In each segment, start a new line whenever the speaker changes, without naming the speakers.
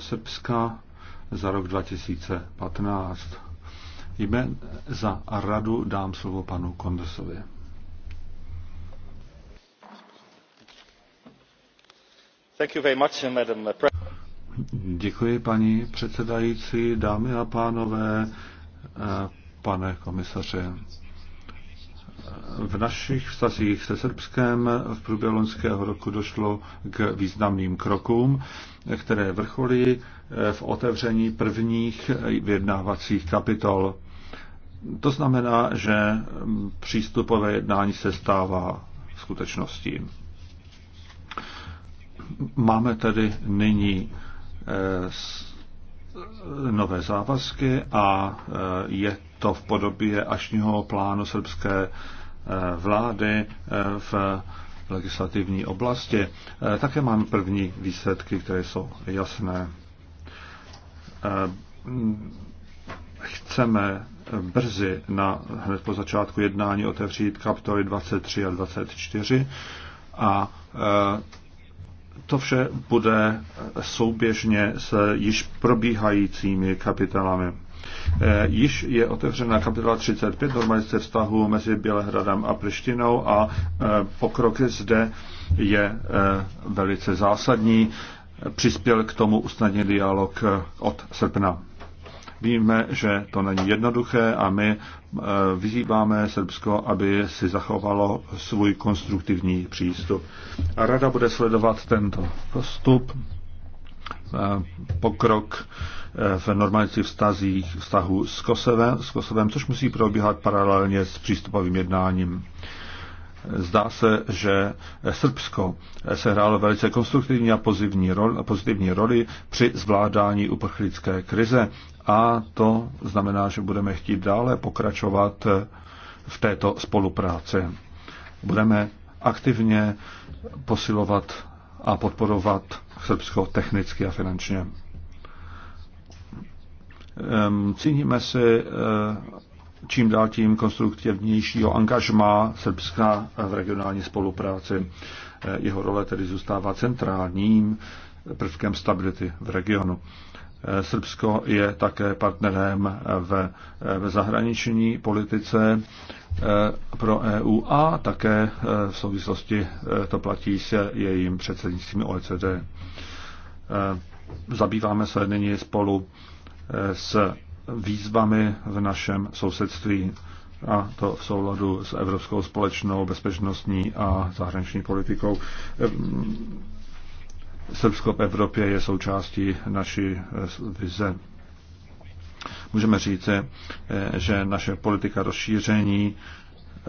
Srbska za rok 2015. Jmen za radu dám slovo panu Kondesovi. Děkuji, paní předsedající, dámy a pánové, eh, pane komisaře. V našich vztazích se Srbskem v průběhu loňského roku došlo k významným krokům, které vrcholí eh, v otevření prvních vyjednávacích kapitol. To znamená, že přístupové jednání se stává skutečností. Máme tedy nyní eh, nové závazky a eh, je to v podobě ažního plánu srbské Eh, vlády eh, v legislativní oblasti. Eh, také máme první výsledky, které jsou jasné. Chceme brzy na, hned po začátku jednání otevřít kapitoly 23 a 24 a to vše bude souběžně s již probíhajícími kapitolami. Eh, již je otevřena kapitola 35 normalizace vztahu mezi Bělehradem a Prištinou a eh, pokrok zde je eh, velice zásadní. Přispěl k tomu usnadně dialog od srpna. Víme, že to není jednoduché a my vyzýváme Srbsko, aby si zachovalo svůj konstruktivní přístup. A rada bude sledovat tento postup pokrok e, v normalizaci vztazích, vztahu s Kosovem, s Kosovem, což musí probíhat paralelně s přístupovým jednáním. Zdá se, že Srbsko sehrálo velice konstruktivní a pozitivní roli, pozitivní roli při zvládání uprchlické krize a to znamená, že budeme chtít dále pokračovat v této spolupráci. Budeme aktivně posilovat a podporovat Srbsko technicky a finančně. Cíníme si eh, čím dál tím konstruktivnějšího angažma Srbska v regionální spolupráci. Eh, jeho role tedy zůstává centrálním prvkem stability v regionu. Srbsko je také partnerem v, v zahraniční politice eh, pro EU a také eh, v souvislosti eh, to platí se jejím předsednictvím OECD. Zabýváme se nyní spolu s výzvami v našem sousedství a to v souladu s evropskou společnou bezpečnostní a zahraniční politikou. Srbsko v Evropě je součástí naší eh, vize. Můžeme říct, eh, že naše politika rozšíření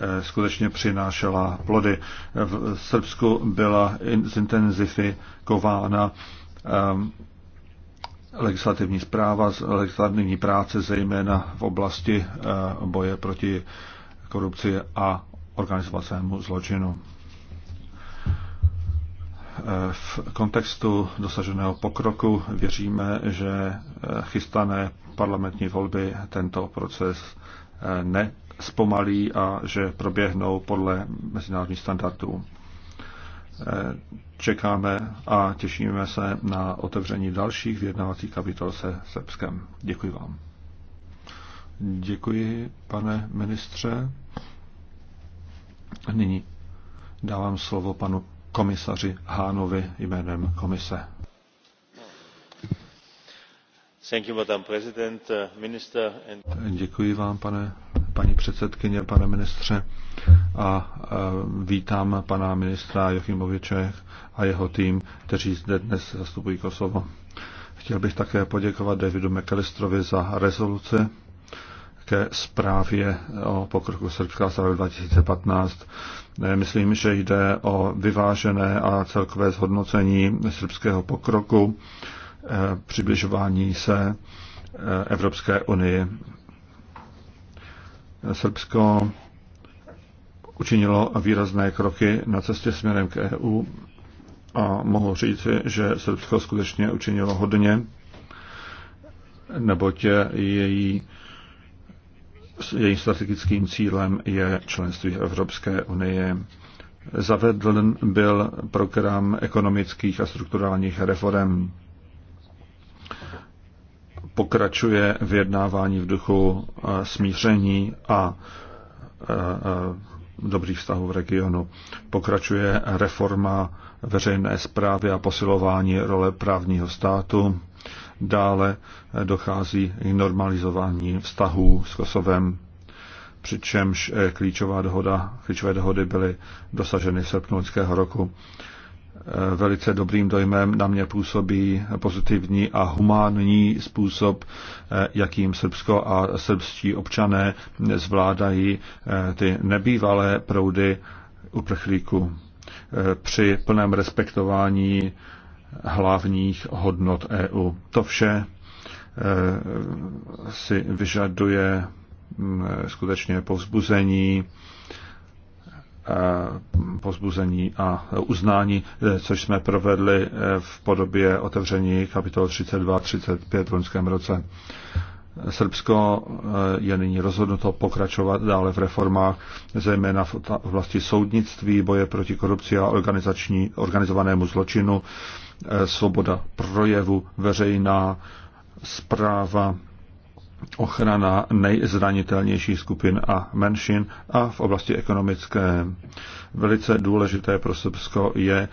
eh, skutečně přinášela plody. V Srbsku byla zintenzifikována legislativní zpráva, legislativní práce, zejména v oblasti boje proti korupci a organizovanému zločinu. V kontextu dosaženého pokroku věříme, že chystané parlamentní volby tento proces eh, nespomalí a že proběhnou podle mezinárodních standardů. Eh, čekáme a těšíme se na otevření dalších vyjednávacích kapitol se Srbskem. Děkuji vám. Děkuji, pane ministře. Nyní dávám slovo panu komisaři Hánovi jménem komise. Uh, Děkuji vám, pane, paní předsedkyně, pane ministře, a uh, vítám pana ministra Jochimoviče a jeho tým, kteří zde dnes zastupují Kosovo. Chtěl bych také poděkovat Davidu McAllisterovi za rezoluce ke zprávě o pokroku Srbska roku 2015. Myslím, že jde o vyvážené a celkové zhodnocení srbského pokroku, eh, přibližování se eh, Evropské unii. Srbsko učinilo výrazné kroky na cestě směrem k EU a mohu říci, že Srbsko skutečně učinilo hodně, neboť její jejím strategickým cílem je členství Evropské unie. Zavedl byl program ekonomických a strukturálních reform. Pokračuje vyjednávání v duchu eh, smíření a eh, eh, dobrých vztahů v regionu. Pokračuje reforma veřejné zprávy a posilování role právního státu Dále eh, dochází k normalizování vztahů s Kosovem, přičemž eh, klíčová dohoda, klíčové dohody byly dosaženy v srpnu lidského roku. Eh, velice dobrým dojmem na mě působí pozitivní a humánní způsob, jakým Srbsko a srbští občané zvládají ty nebývalé proudy uprchlíků při plném respektování hlavních hodnot EU. To vše eh, si vyžaduje mm, skutečně povzbuzení, eh, pozbuzení a uznání, eh, což jsme provedli v podobě otevření kapitol 32-35 v loňském roce. Srbsko eh, je nyní rozhodnuto pokračovat dále v reformách, zejména v oblasti soudnictví, boje proti korupci a organizační, organizovanému zločinu, eh, svoboda projevu, veřejná zpráva, ochrana nejzranitelnějších skupin a menšin a v oblasti ekonomické. Velice důležité pro Srbsko je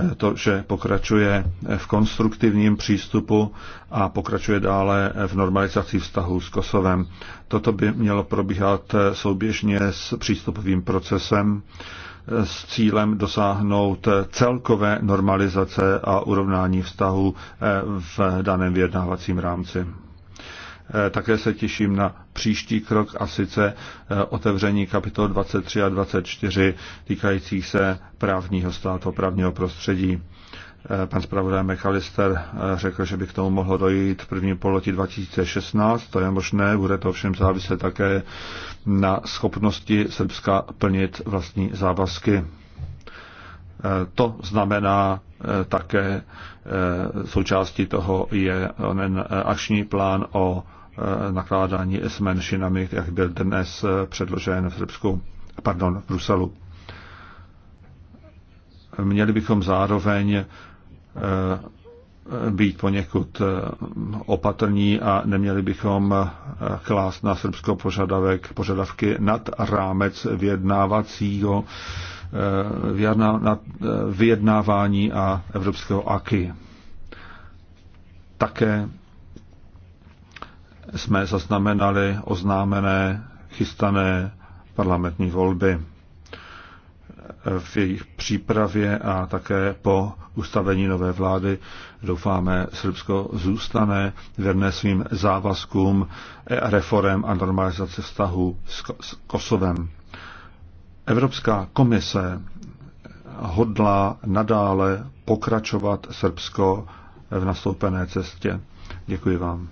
eh, to, že pokračuje v konstruktivním přístupu a pokračuje dále v normalizaci vztahu s Kosovem. Toto by mělo probíhat eh, souběžně s přístupovým procesem eh, s cílem dosáhnout celkové normalizace a urovnání vztahu v daném vyjednávacím rámci. Eh, také se těším na příští krok a sice eh, otevření kapitol 23 a 24 týkajících se právního státu, právního prostředí. Eh, pan zpravodaj McAllister řekl, že by k tomu mohlo dojít v prvním poloti 2016. To je možné, bude to ovšem záviset také na schopnosti Srbska plnit vlastní závazky. To znamená také součástí toho je onen akční plán o Eh, nakládání s menšinami, jak byl dnes eh, předložen v Srbsku, pardon, v Bruselu. Měli bychom zároveň eh, být poněkud opatrní a neměli bychom klást na Srbsko požadavek, požadavky nad rámec vyjednávacího vyjednávání a evropského AKY. Také jsme zaznamenali oznámené chystané parlamentní volby v jejich přípravě a také po ustavení nové vlády. Doufáme, Srbsko zůstane věrné svým závazkům, reform a normalizace vztahu s Kosovem. Evropská komise hodlá nadále pokračovat Srbsko v nastoupené cestě. Děkuji vám.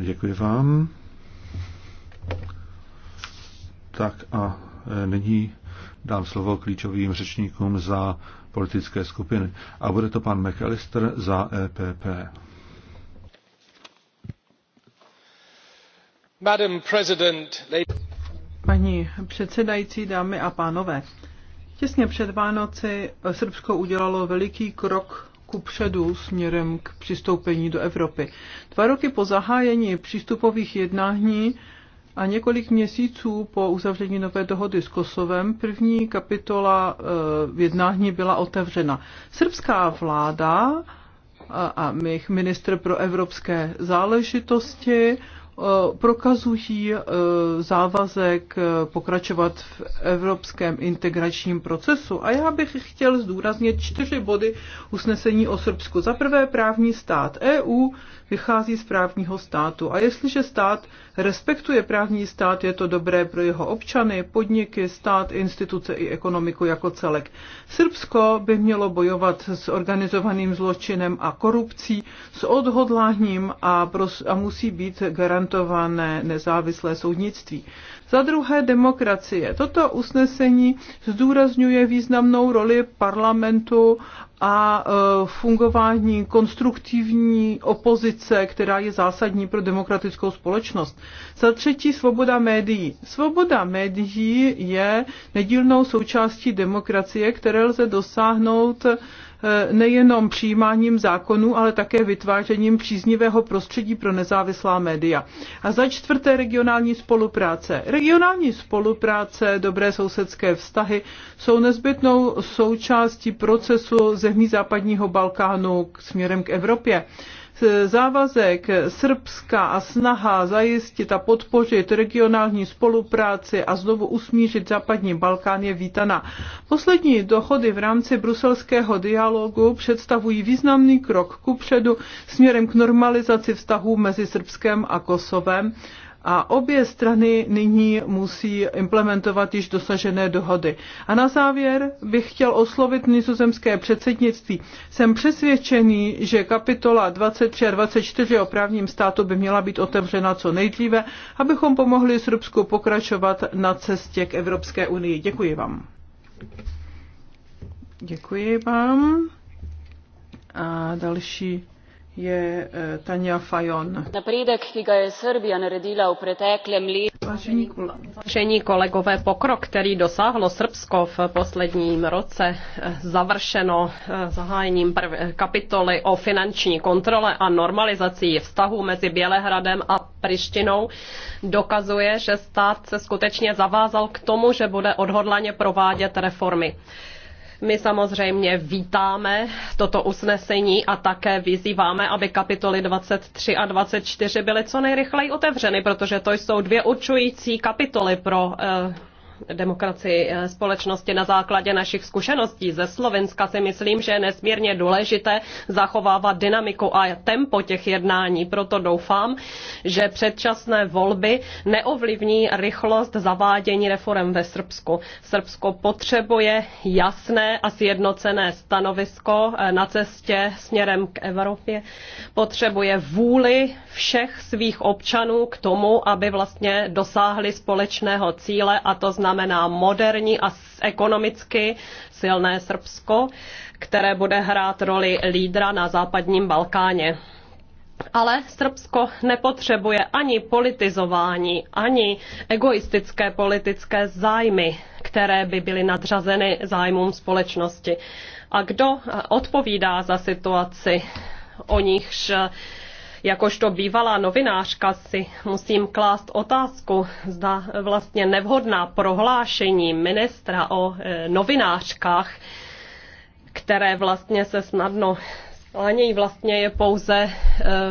Děkuji vám. Tak a e, nyní dám slovo klíčovým řečníkům za politické skupiny. A bude to pan McAllister za EPP.
Madam President,
Paní předsedající, dámy a pánové, těsně před Vánoci Srbsko udělalo veliký krok ku předu směrem k přistoupení do Evropy. Dva roky po zahájení přístupových jednání a několik měsíců po uzavření nové dohody s Kosovem první kapitola v eh, jednání byla otevřena. Srbská vláda a, a ministr pro evropské záležitosti Eh, prokazují eh, závazek eh, pokračovat v evropském integračním procesu. A já bych chtěl zdůraznit čtyři body usnesení o Srbsku. Za prvé právní stát EU, vychází z právního státu. A jestliže stát respektuje právní stát, je to dobré pro jeho občany, podniky, stát, instituce i ekonomiku jako celek. Srbsko by mělo bojovat s organizovaným zločinem a korupcí, s odhodláním a, pros- a musí být garantované nezávislé soudnictví. Za druhé demokracie. Toto usnesení zdůrazňuje významnou roli parlamentu a e, fungování konstruktivní opozice, která je zásadní pro demokratickou společnost. Za třetí svoboda médií. Svoboda médií je nedílnou součástí demokracie, které lze dosáhnout Eh, nejenom přijímáním zákonů, ale také vytvářením příznivého prostředí pro nezávislá média. A za čtvrté regionální spolupráce. Regionální spolupráce, dobré sousedské vztahy jsou nezbytnou součástí procesu zemí západního Balkánu k směrem k Evropě. Závazek Srbska a snaha zajistit a podpořit regionální spolupráci a znovu usmířit západní Balkán je vítana. Poslední dohody v rámci bruselského dialogu představují významný krok kupředu směrem k normalizaci vztahů mezi Srbskem a Kosovem a obě strany nyní musí implementovat již dosažené dohody. A na závěr bych chtěl oslovit nizozemské předsednictví. Jsem přesvědčený, že kapitola 23 a 24 o právním státu by měla být otevřena co nejdříve, abychom pomohli Srbsku pokračovat na cestě k Evropské unii. Děkuji vám. Děkuji vám. A další
je eh, Tanja Fajon.
Napredek, ki ga je Srbija naredila v preteklem
letu. Vážení kolegové, pokrok, který dosáhlo Srbsko v posledním roce, eh, završeno eh, zahájením kapitoly o finanční kontrole a normalizací vztahu mezi Bělehradem a Prištinou, dokazuje, že stát se skutečně zavázal k tomu, že bude odhodlaně provádět reformy. My samozřejmě vítáme toto usnesení a také vyzýváme, aby kapitoly 23 a 24 byly co nejrychleji otevřeny, protože to jsou dvě určující kapitoly pro eh, demokracii eh, společnosti na základě našich zkušeností ze Slovenska si myslím, že je nesmírně důležité zachovávat dynamiku a tempo těch jednání. Proto doufám, že předčasné volby neovlivní rychlost zavádění reform ve Srbsku. Srbsko potřebuje jasné a sjednocené stanovisko eh, na cestě směrem k Evropě. Potřebuje vůli všech svých občanů k tomu, aby vlastně dosáhli společného cíle a to znamená znamená moderní a ekonomicky silné Srbsko, které bude hrát roli lídra na západním Balkáně. Ale Srbsko nepotřebuje ani politizování, ani egoistické politické zájmy, které by byly nadřazeny zájmům společnosti. A kdo odpovídá za situaci, o nichž Jakožto bývalá novinářka si musím klást otázku, zda vlastně nevhodná prohlášení ministra o e, novinářkách, které vlastně se snadno Láněj vlastně je pouze e,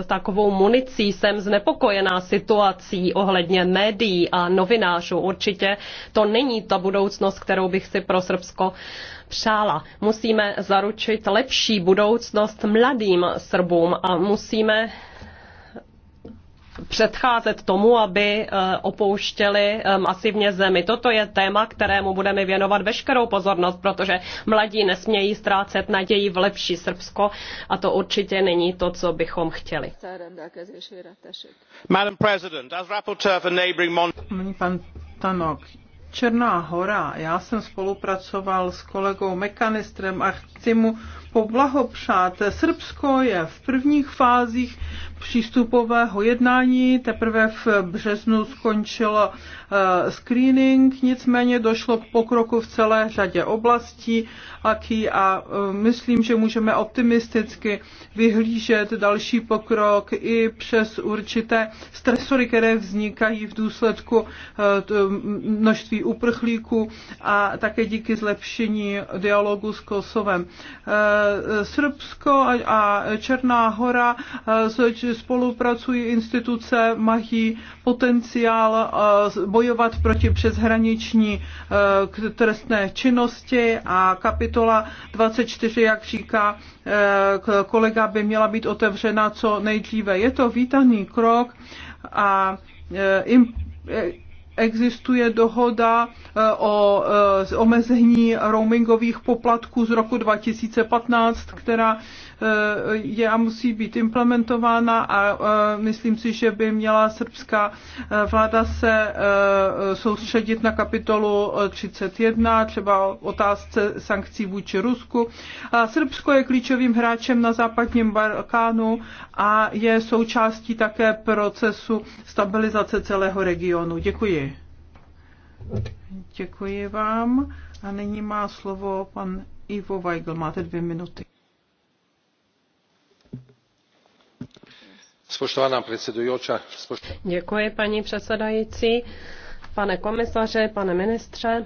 takovou municí. Jsem znepokojená situací ohledně médií a novinářů. Určitě to není ta budoucnost, kterou bych si pro Srbsko přála. Musíme zaručit lepší budoucnost mladým Srbům a musíme předcházet tomu, aby eh, opouštěli eh, masivně zemi. Toto je téma, kterému budeme věnovat veškerou pozornost, protože mladí nesmějí ztrácet naději v lepší Srbsko a to určitě není to, co bychom chtěli.
President,
pan Tanok, Černá hora, já jsem spolupracoval s kolegou Mekanistrem a chci mu poblahopřát. Srbsko je v prvních fázích přístupového jednání, teprve v březnu skončil eh, screening, nicméně došlo k pokroku v celé řadě oblastí a eh, myslím, že můžeme optimisticky vyhlížet další pokrok i přes určité stresory, které vznikají v důsledku eh, množství uprchlíků a také díky zlepšení dialogu s Kosovem. Srbsko a Černá hora spolupracují, instituce mají potenciál bojovat proti přeshraniční e, trestné činnosti a kapitola 24, jak říká e, kolega, by měla být otevřena co nejdříve. Je to vítaný krok a e, existuje dohoda eh, o eh, omezení roamingových poplatků z roku 2015, která Eh, je a musí být implementována a eh, myslím si, že by měla srbská eh, vláda se soustředit na kapitolu 31, třeba otázce sankcí vůči Rusku. A Srbsko je klíčovým hráčem na západním Balkánu a je součástí také procesu stabilizace celého regionu. Děkuji. Děkuji vám. A nyní má slovo pan Ivo Weigl. Máte dvě minuty.
Děkuji, paní předsedající. Pane komisaři pane ministře,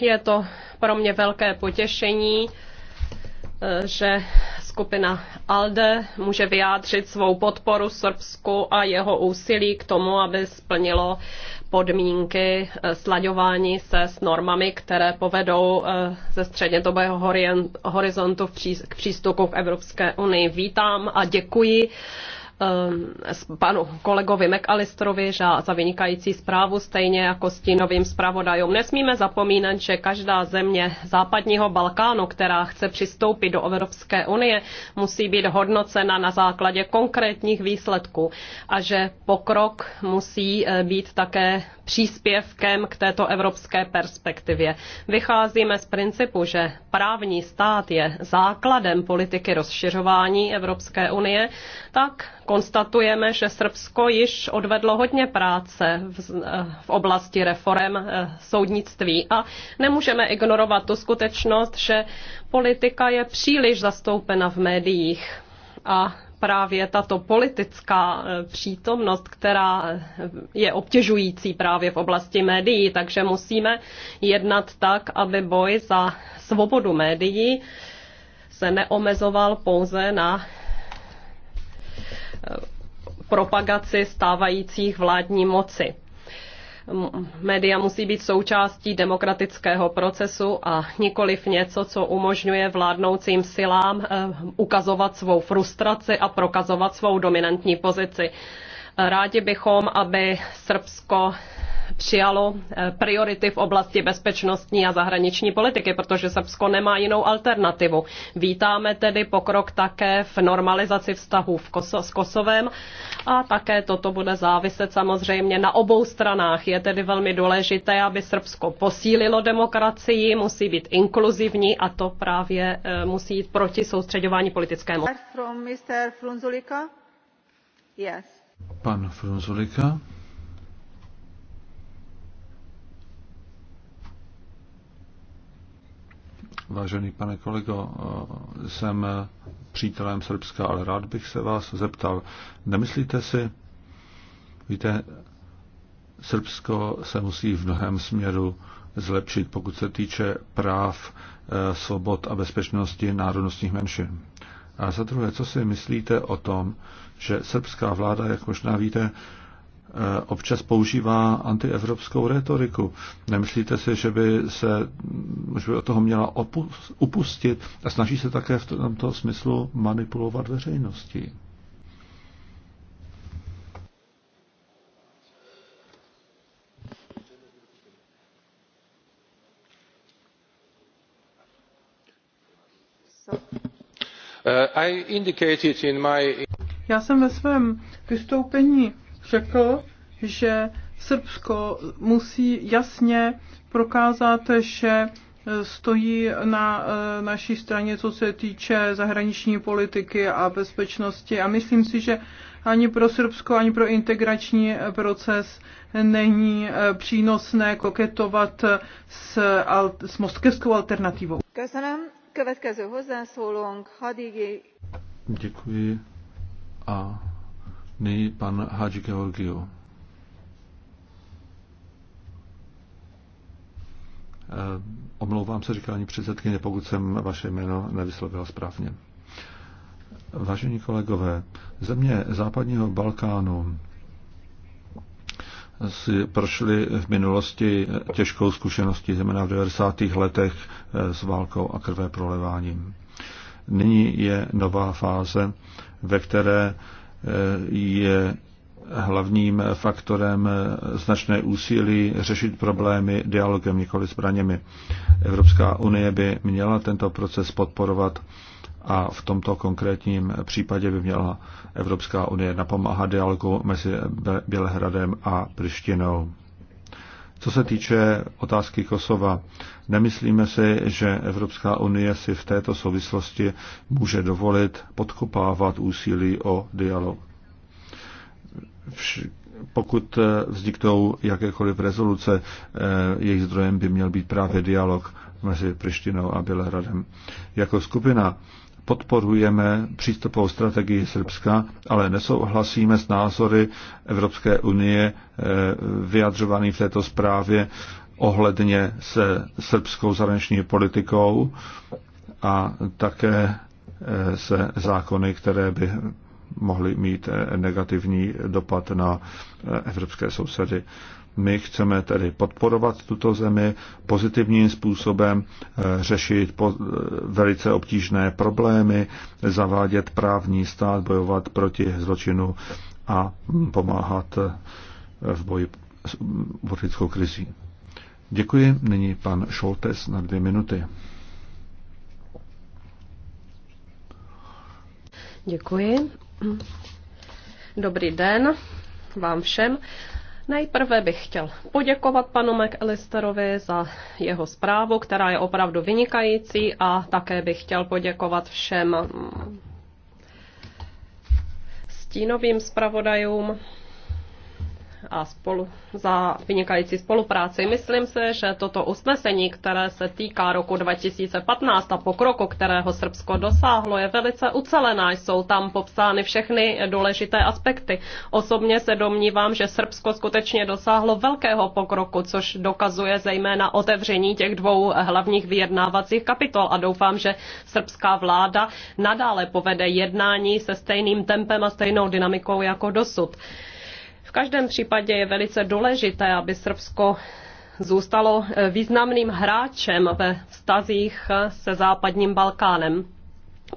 je to pro mě velké potěšení, eh, že skupina ALDE může vyjádřit svou podporu Srbsku a jeho úsilí k tomu, aby splnilo podmínky eh, slaďování se s normami, které povedou eh, ze střednědobého horizontu k přístupu k Evropské unii. Vítám a děkuji panu kolegovi McAllisterovi za vynikající zprávu, stejně jako s novým zpravodajům. Nesmíme zapomínat, že každá země západního Balkánu, která chce přistoupit do Evropské unie, musí být hodnocena na základě konkrétních výsledků a že pokrok musí eh, být také příspěvkem k této evropské perspektivě. Vycházíme z principu, že právní stát je základem politiky rozšiřování Evropské unie, tak konstatujeme, že Srbsko již odvedlo hodně práce v, v oblasti reform eh, soudnictví a nemůžeme ignorovat tu skutečnost, že politika je příliš zastoupena v médiích a právě tato politická e, přítomnost, která je obtěžující právě v oblasti médií, takže musíme jednat tak, aby boj za svobodu médií se neomezoval pouze na e, propagaci stávajících vládní moci. Média musí být součástí demokratického procesu a nikoliv něco, co umožňuje vládnoucím silám eh, ukazovat svou frustraci a prokazovat svou dominantní pozici. Rádi bychom, aby Srbsko přijalo eh, priority v oblasti bezpečnostní a zahraniční politiky, protože Srbsko nemá jinou alternativu. Vítáme tedy pokrok také v normalizaci vztahů v Koso- s Kosovem a také toto bude záviset samozřejmě na obou stranách. Je tedy velmi důležité, aby Srbsko posílilo demokracii, musí být inkluzivní a to právě eh, musí jít proti soustředování politické moci.
Pan Frunzulika? Vážený pane kolego, jsem přítelem Srbska, ale rád bych se vás zeptal, nemyslíte si, víte, Srbsko se musí v mnohem směru zlepšit, pokud se týče práv, eh, svobod a bezpečnosti národnostních menšin. A za druhé, co si myslíte o tom, že srbská vláda, jak možná víte, Eh, občas používá antievropskou retoriku. Nemyslíte si, že by se že by od toho měla upustit a snaží se také v tomto smyslu manipulovat veřejností? Eh,
Já jsem ve svém vystoupení řekl, že Srbsko musí jasně prokázat, že stojí na e, naší straně, co se týče zahraniční politiky a bezpečnosti. A myslím si, že ani pro Srbsko, ani pro integrační proces není e, přínosné koketovat s, s moskevskou alternativou.
Děkuji. A Nyní pan Hadži Georgiou. Eh, omlouvám se, říkání předsedkyně, pokud jsem vaše jméno nevyslovila správně. Vážení kolegové, země západního Balkánu si prošly v minulosti těžkou zkušeností, zejména v 90. letech eh, s válkou a krvé proleváním. Nyní je nová fáze, ve které je hlavním faktorem značné úsilí řešit problémy dialogem, nikoli zbraněmi. Evropská unie by měla tento proces podporovat a v tomto konkrétním případě by měla Evropská unie napomáhat dialogu mezi Bělehradem a Prištinou. Co se týče otázky Kosova, nemyslíme si, že Evropská unie si v této souvislosti může dovolit podkopávat úsilí o dialog. Vš- pokud eh, vzniknou jakékoliv rezoluce, eh, jejich zdrojem by měl být právě dialog mezi Prištinou a Bělehradem. Jako skupina podporujeme přístupovou strategii Srbska, ale nesouhlasíme s názory Evropské unie eh, vyjadřovaný v této zprávě ohledně se srbskou zahraniční politikou a také eh, se zákony, které by mohly mít eh, negativní dopad na eh, evropské sousedy. My chceme tedy podporovat tuto zemi pozitivním způsobem, eh, řešit velice obtížné problémy, zavádět právní stát, bojovat proti zločinu a pomáhat v boji s mm, politickou krizí. Děkuji. Nyní pan Šoltes na dvě minuty.
Děkuji. Dobrý den vám všem. Nejprve bych chtěl poděkovat panu McAllisterovi za jeho zprávu, která je opravdu vynikající a také bych chtěl poděkovat všem stínovým zpravodajům a spolu, za vynikající spolupráci. Myslím se, že toto usnesení, které se týká roku 2015 a pokroku, kterého Srbsko dosáhlo, je velice ucelená. Jsou tam popsány všechny důležité aspekty. Osobně se domnívám, že Srbsko skutečně dosáhlo velkého pokroku, což dokazuje zejména otevření těch dvou hlavních vyjednávacích kapitol a doufám, že srbská vláda nadále povede jednání se stejným tempem a stejnou dynamikou jako dosud. V každém případě je velice důležité, aby Srbsko zůstalo eh, významným hráčem ve vztazích eh, se západním Balkánem.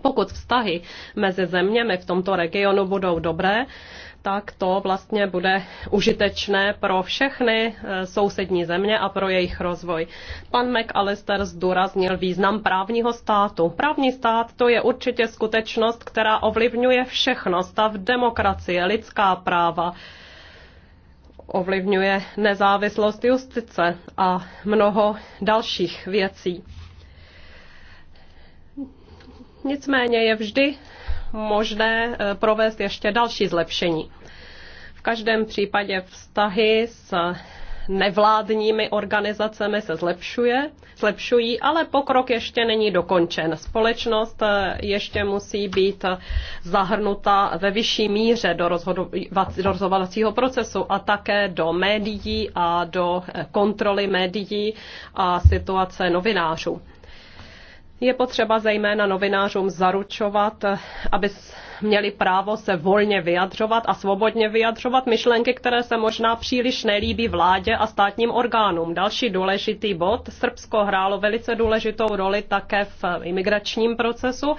Pokud vztahy mezi zeměmi v tomto regionu budou dobré, tak to vlastně bude užitečné pro všechny eh, sousední země a pro jejich rozvoj. Pan McAllister zdůraznil význam právního státu. Právní stát to je určitě skutečnost, která ovlivňuje všechno, stav demokracie, lidská práva, ovlivňuje nezávislost justice a mnoho dalších věcí. Nicméně je vždy možné eh, provést ještě další zlepšení. V každém případě vztahy s nevládními organizacemi se zlepšuje, zlepšují, ale pokrok ještě není dokončen. Společnost eh, ještě musí být zahrnuta ve vyšší míře do, do rozhodovacího procesu a také do médií a do eh, kontroly médií a situace novinářů je potřeba zejména novinářům zaručovat, eh, aby měli právo se volně vyjadřovat a svobodně vyjadřovat myšlenky, které se možná příliš nelíbí vládě a státním orgánům. Další důležitý bod. Srbsko hrálo velice důležitou roli také v imigračním procesu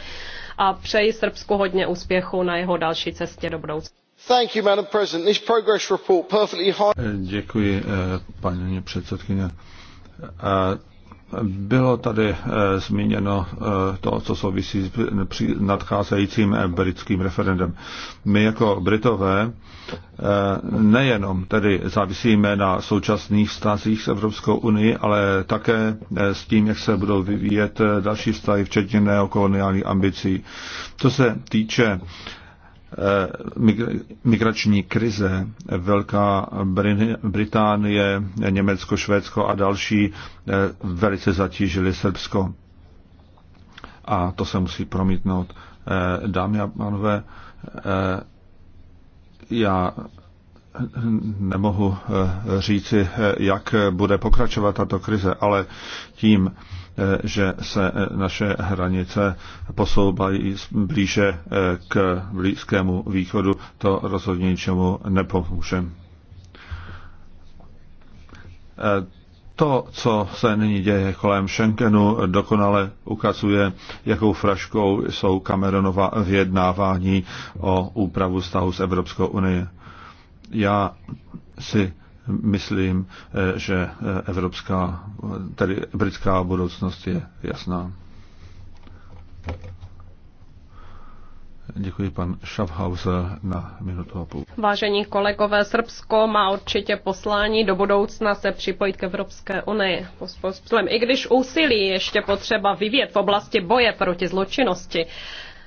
a přeji Srbsku hodně úspěchu na jeho další cestě
do budoucna.
Děkuji, paní předsedkyně. Bylo tady eh, zmíněno eh, to, co souvisí s nadcházejícím eh, britským referendem. My jako Britové nejenom tedy závisíme na současných vztazích s Evropskou unii, ale také s tím, jak se budou vyvíjet další vztahy, včetně neokoloniálních ambicí. Co se týče Eh, migrační krize Velká Británie, Německo, Švédsko a další eh, velice zatížily Srbsko. A to se musí promítnout. Eh, dámy a pánové, já nemohu říci, jak bude pokračovat tato krize, ale tím, že se eh, naše hranice posouvají blíže eh, k Blízkému východu, to rozhodně ničemu nepomůže. Eh, to, co se nyní děje kolem Schengenu, dokonale ukazuje, jakou fraškou jsou Cameronova vyjednávání o úpravu vztahu s Evropskou unii. Já si myslím, eh, že eh, evropská, tedy britská budoucnost je jasná. Děkuji pan Schaffhauser na minutu a půl.
Vážení kolegové, Srbsko má určitě poslání do budoucna se připojit k Evropské unii. I když úsilí ještě potřeba vyvět v oblasti boje proti zločinnosti,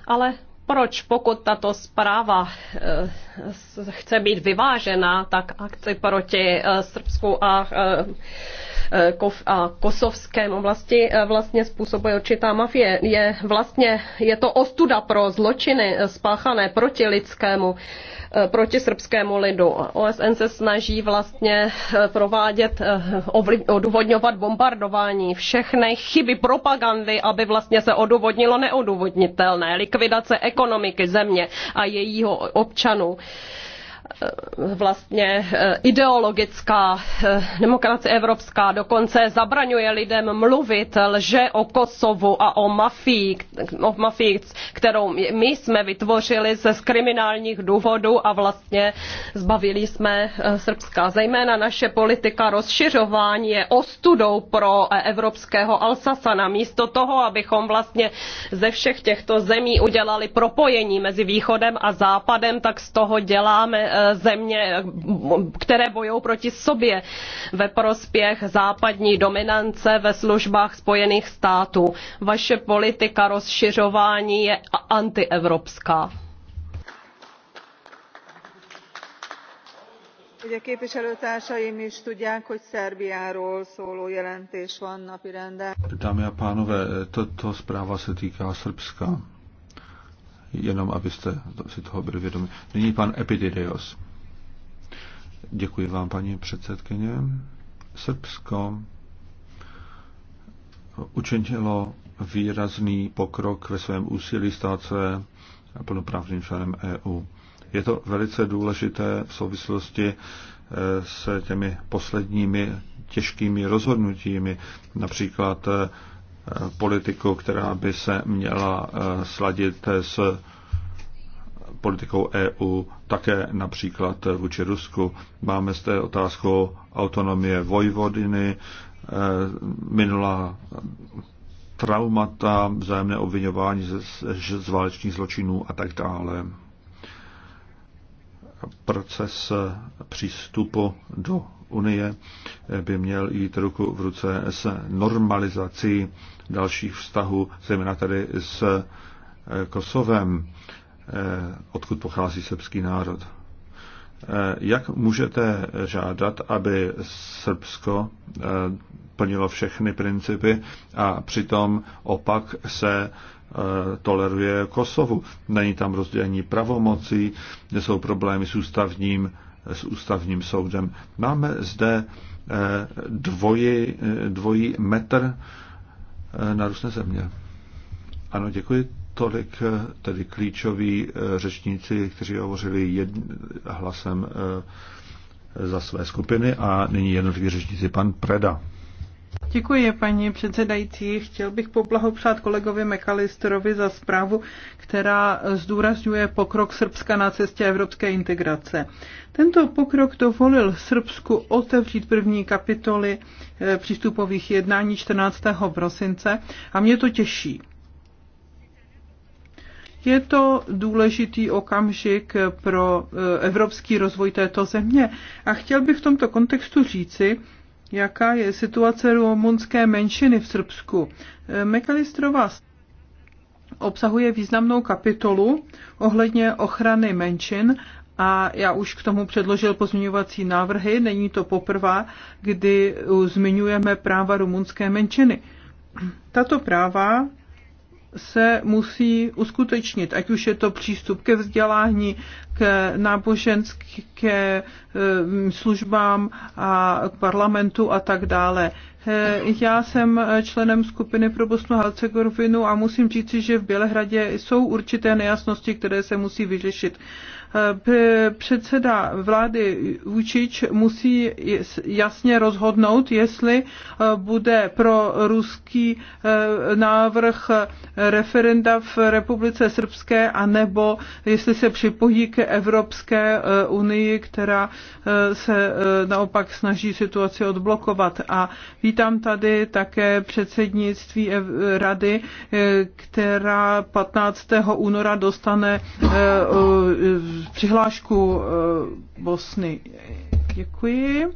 ale proč pokud tato zpráva eh, chce být vyvážena, tak akci proti eh, Srbsku a eh, a kosovském oblasti vlastně způsobuje určitá mafie. Je vlastně, je to ostuda pro zločiny spáchané proti lidskému, proti srbskému lidu. OSN se snaží vlastně provádět, odůvodňovat bombardování všechny chyby propagandy, aby vlastně se odůvodnilo neodůvodnitelné. Likvidace ek- ekonomiky země a jejího občanů. Eh, vlastně eh, ideologická eh, demokracie evropská dokonce zabraňuje lidem mluvit lže o Kosovu a o mafii, o mafii, kterou my jsme vytvořili ze z kriminálních důvodů a vlastně zbavili jsme srbská Zejména naše politika rozšiřování je ostudou pro evropského Alsasana. Místo toho, abychom vlastně ze všech těchto zemí udělali propojení mezi východem a západem, tak z toho děláme Eh, země, které bojují proti sobě ve prospěch západní dominance ve službách Spojených států. Vaše politika rozšiřování je antievropská.
ugye képviselőtársaim is tudják hogy szerbiáról szóló jelentés van napirenden.
Dámy a pánové, eh, toto zpráva se týká Srbska jenom abyste si toho byli vědomi. Nyní pan Epididios. Děkuji vám, paní předsedkyně. Srbsko učinilo výrazný pokrok ve svém úsilí stát se plnoprávným členem EU. Je to velice důležité v souvislosti eh, se těmi posledními těžkými rozhodnutími, například eh, politiku, která by se měla eh, sladit s politikou EU, také například vůči Rusku. Máme zde otázku autonomie Vojvodiny, eh, minulá traumata, vzájemné obvinování z, z, z válečných zločinů a tak dále. Proces přístupu do unie by měl jít ruku v ruce s normalizací dalších vztahů, zejména tady s eh, Kosovem, eh, odkud pochází srbský národ. Eh, jak můžete žádat, aby Srbsko plnilo všechny principy a přitom opak se toleruje Kosovu? Není tam rozdělení pravomocí, jsou problémy s ústavním s ústavním soudem. Máme zde eh, dvoji, eh, dvojí metr eh, na různé země. Ano, děkuji. Tolik tedy klíčoví řečníci, kteří hovořili jedn, hlasem za své skupiny a nyní jednotliví řečníci pan Preda.
Děkuji, paní předsedající. Chtěl bych poblahopřát kolegovi McAllisterovi za zprávu, která zdůrazňuje pokrok Srbska na cestě evropské integrace. Tento pokrok dovolil Srbsku otevřít první kapitoly eh, přístupových jednání 14. prosince a mě to těší. Je to důležitý okamžik pro eh, evropský rozvoj této země a chtěl bych v tomto kontextu říci, jaká je situace rumunské menšiny v Srbsku. Eh, Mekalistrova obsahuje významnou kapitolu ohledně ochrany menšin a já už k tomu předložil pozměňovací návrhy. Není to poprvé, kdy zmiňujeme práva rumunské menšiny. Tato práva se musí uskutečnit, ať už je to přístup ke vzdělání, k náboženské eh, službám a k parlamentu a tak dále. Eh, já jsem členem skupiny pro Bosnu a Hercegovinu a musím říci, že v Bělehradě jsou určité nejasnosti, které se musí vyřešit předseda vlády Vučič musí jasně rozhodnout, jestli eh, bude pro ruský eh, návrh referenda v Republice Srbské, anebo jestli se připojí k Evropské eh, unii, která se naopak snaží situaci odblokovat. A vítám tady také předsednictví rady, která 15. února dostane přihlášku uh, Bosny. Děkuji.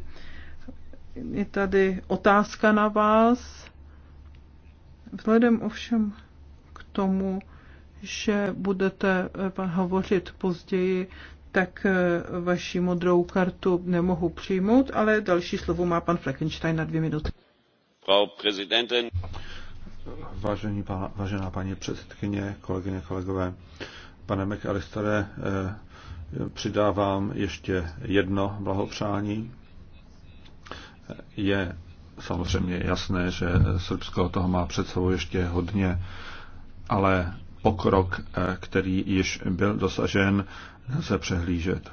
Je tady otázka na vás. Vzhledem ovšem k tomu, že budete uh, hovořit později, tak uh, vaši modrou kartu nemohu přijmout, ale další slovo má pan
Fleckenstein na dvě minuty. Frau Präsidentin. Vážení, vážená paní předsedkyně, kolegyně, kolegové, pane McAllistere, přidávám ještě jedno blahopřání. Je samozřejmě jasné, že Srbsko toho má před sebou ještě hodně, ale pokrok, eh, který již byl dosažen, se přehlížet.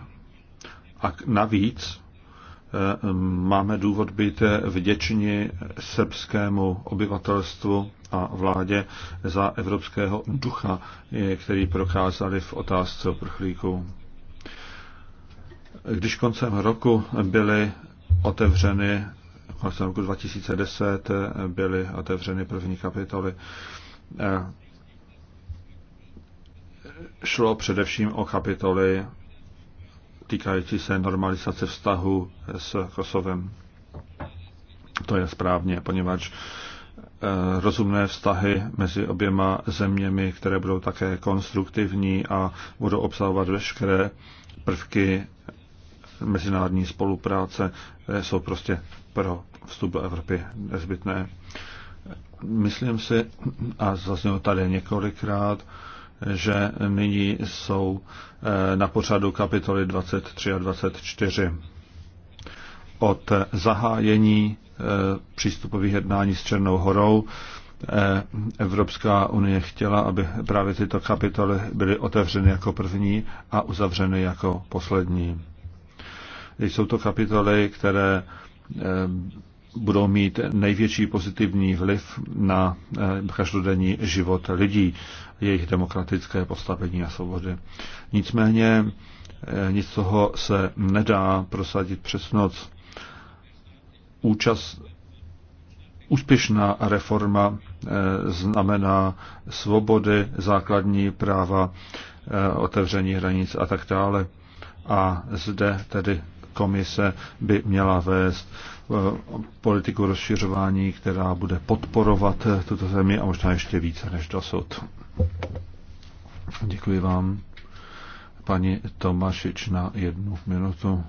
A navíc eh, máme důvod být vděční srbskému obyvatelstvu a vládě za evropského ducha, eh, který prokázali v otázce uprchlíků. Když koncem roku byly otevřeny, koncem roku 2010 byly otevřeny první kapitoly, šlo především o kapitoly týkající se normalizace vztahu s Kosovem. To je správně, poněvadž eh, rozumné vztahy mezi oběma zeměmi, které budou také konstruktivní a budou obsahovat veškeré prvky mezinárodní spolupráce eh, jsou prostě pro vstup do Evropy nezbytné. Myslím si, a zaznělo tady několikrát, že nyní jsou eh, na pořadu kapitoly 23 a 24. Od zahájení eh, přístupových jednání s Černou horou Evropská unie chtěla, aby právě tyto kapitoly byly otevřeny jako první a uzavřeny jako poslední. Jsou to kapitoly, které eh, budou mít největší pozitivní vliv na eh, každodenní život lidí, jejich demokratické postavení a svobody. Nicméně eh, nic toho se nedá prosadit přes noc. Účast, úspěšná reforma znamená svobody, základní práva, otevření hranic a tak dále. A zde tedy komise by měla vést eh, politiku rozšiřování, která bude podporovat eh, tuto zemi a možná ještě více než dosud. Děkuji vám. Pani Tomašič na jednu minutu.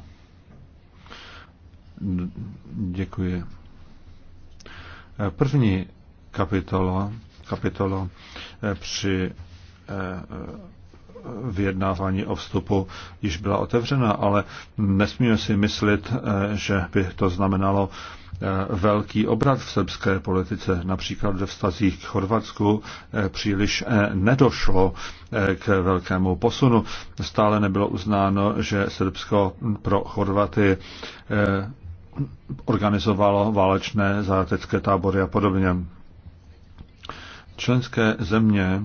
Děkuji. Eh, první kapitola, kapitola při vyjednávání o vstupu již byla otevřena, ale nesmíme si myslet, eh, že by to znamenalo eh, velký obrat v srbské politice. Například ve vztazích k Chorvatsku eh, příliš nedošlo k velkému posunu. Stále nebylo uznáno, že Srbsko pro Chorvaty organizovalo válečné zátecké tábory a podobně. Členské země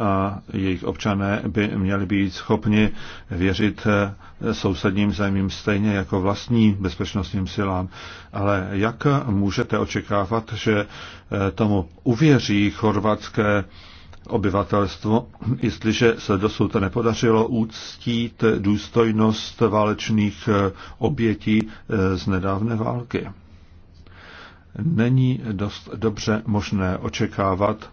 a jejich občané by měli být schopni věřit eh, sousedním zemím stejně jako vlastním bezpečnostním silám. Ale jak můžete očekávat, že eh, tomu uvěří chorvatské obyvatelstvo, jestliže se dosud nepodařilo úctít důstojnost válečných eh, obětí z nedávné války. Není dost dobře možné očekávat,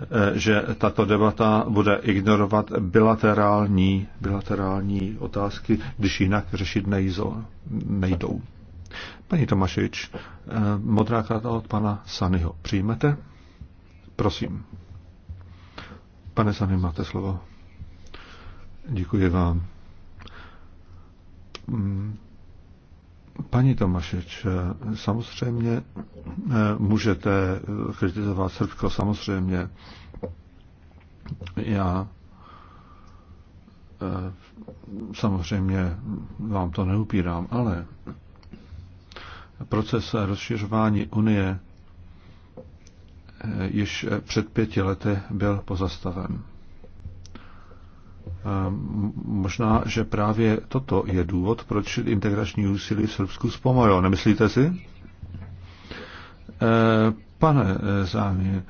Eh, že tato debata bude ignorovat bilaterální, bilaterální otázky, když jinak řešit nejzo, nejdou. Paní Tomašič, eh, modrá karta od pana Sanyho. Přijmete? Prosím. Pane Sany, máte slovo. Děkuji vám mm, Pani Tomašič, eh, samozřejmě eh, můžete eh, kritizovat Srbsko, samozřejmě. Já samozřejmě vám to neupírám, ale proces rozšiřování Unie již před pěti lety byl pozastaven. Možná, že právě toto je důvod, proč integrační úsilí v Srbsku zpomalilo. Nemyslíte si? E, pane e, Zámě, e,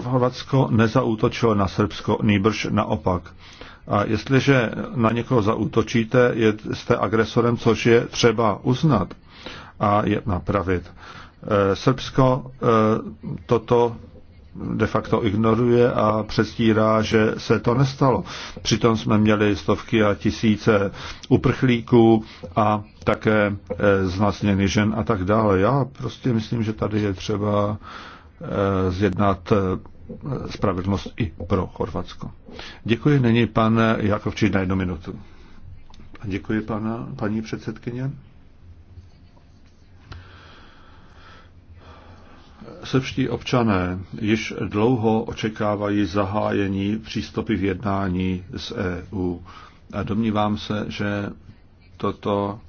Chorvatsko nezautočilo na Srbsko, nýbrž naopak. A jestliže na někoho zautočíte, jste agresorem, což je třeba uznat a je napravit. Srbsko toto de facto ignoruje a předstírá, že se to nestalo. Přitom jsme měli stovky a tisíce uprchlíků a také eh, znasněny žen a tak dále. Já prostě myslím, že tady je třeba eh, zjednat eh, spravedlnost i pro Chorvatsko. Děkuji, není pan Jakovčík na jednu minutu. Děkuji, pana, paní předsedkyně. Srbští občané již dlouho očekávají zahájení přístupy v jednání s EU. A domnívám se, že toto,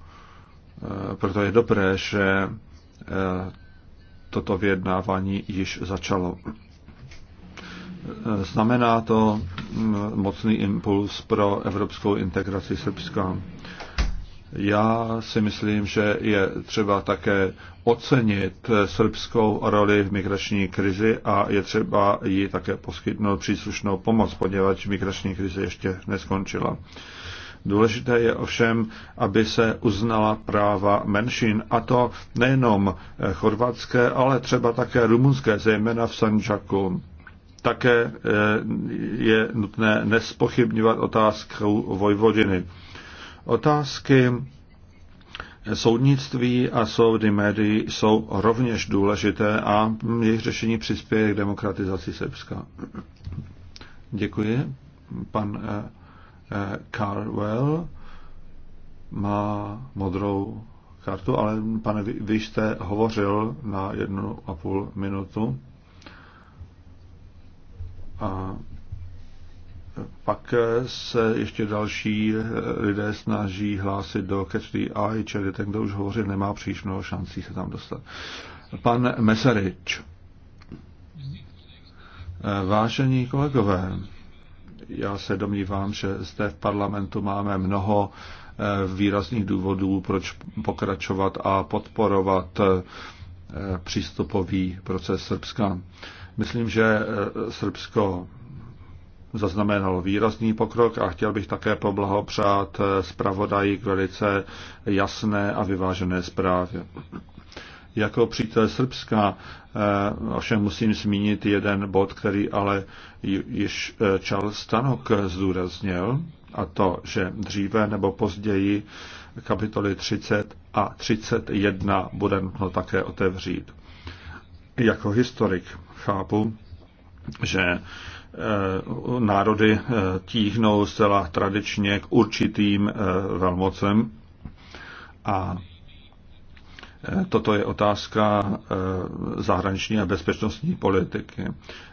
eh, proto je dobré, že eh, toto vyjednávání již začalo. Eh, znamená to hm, mocný impuls pro evropskou integraci Srbska. Já si myslím, že je třeba také ocenit srbskou roli v migrační krizi a je třeba ji také poskytnout příslušnou pomoc, poněvadž migrační krize ještě neskončila. Důležité je ovšem, aby se uznala práva menšin, a to nejenom chorvatské, ale třeba také rumunské, zejména v Sanžaku. Také eh, je nutné nespochybňovat otázku Vojvodiny Otázky soudnictví a soudy médií jsou rovněž důležité a jejich řešení přispěje k demokratizaci Srbska. Děkuji. Pan eh, eh, Carwell má modrou kartu, ale pane, vy jste hovořil na jednu a půl minutu. A pak se ještě další lidé snaží hlásit do Catch the Eye, čili ten, kdo už hovoří, nemá příliš mnoho šancí se tam dostat. Pan Meserič. Vážení kolegové, já se domnívám, že zde v parlamentu máme mnoho eh, výrazných důvodů, proč pokračovat a podporovat eh, přístupový proces Srbska. Myslím, že eh, Srbsko zaznamenal výrazný pokrok a chtěl bych také poblahopřát eh, zpravodaji k velice jasné a vyvážené zprávě. Jako přítel Srbska eh, ovšem musím zmínit jeden bod, který ale již eh, Charles Stanok zdůraznil, a to, že dříve nebo později kapitoly 30 a 31 bude nutno také otevřít. Jako historik chápu, že Eh, národy eh, tíhnou zcela tradičně k určitým eh, velmocem. A toto je otázka zahraniční a bezpečnostní politiky.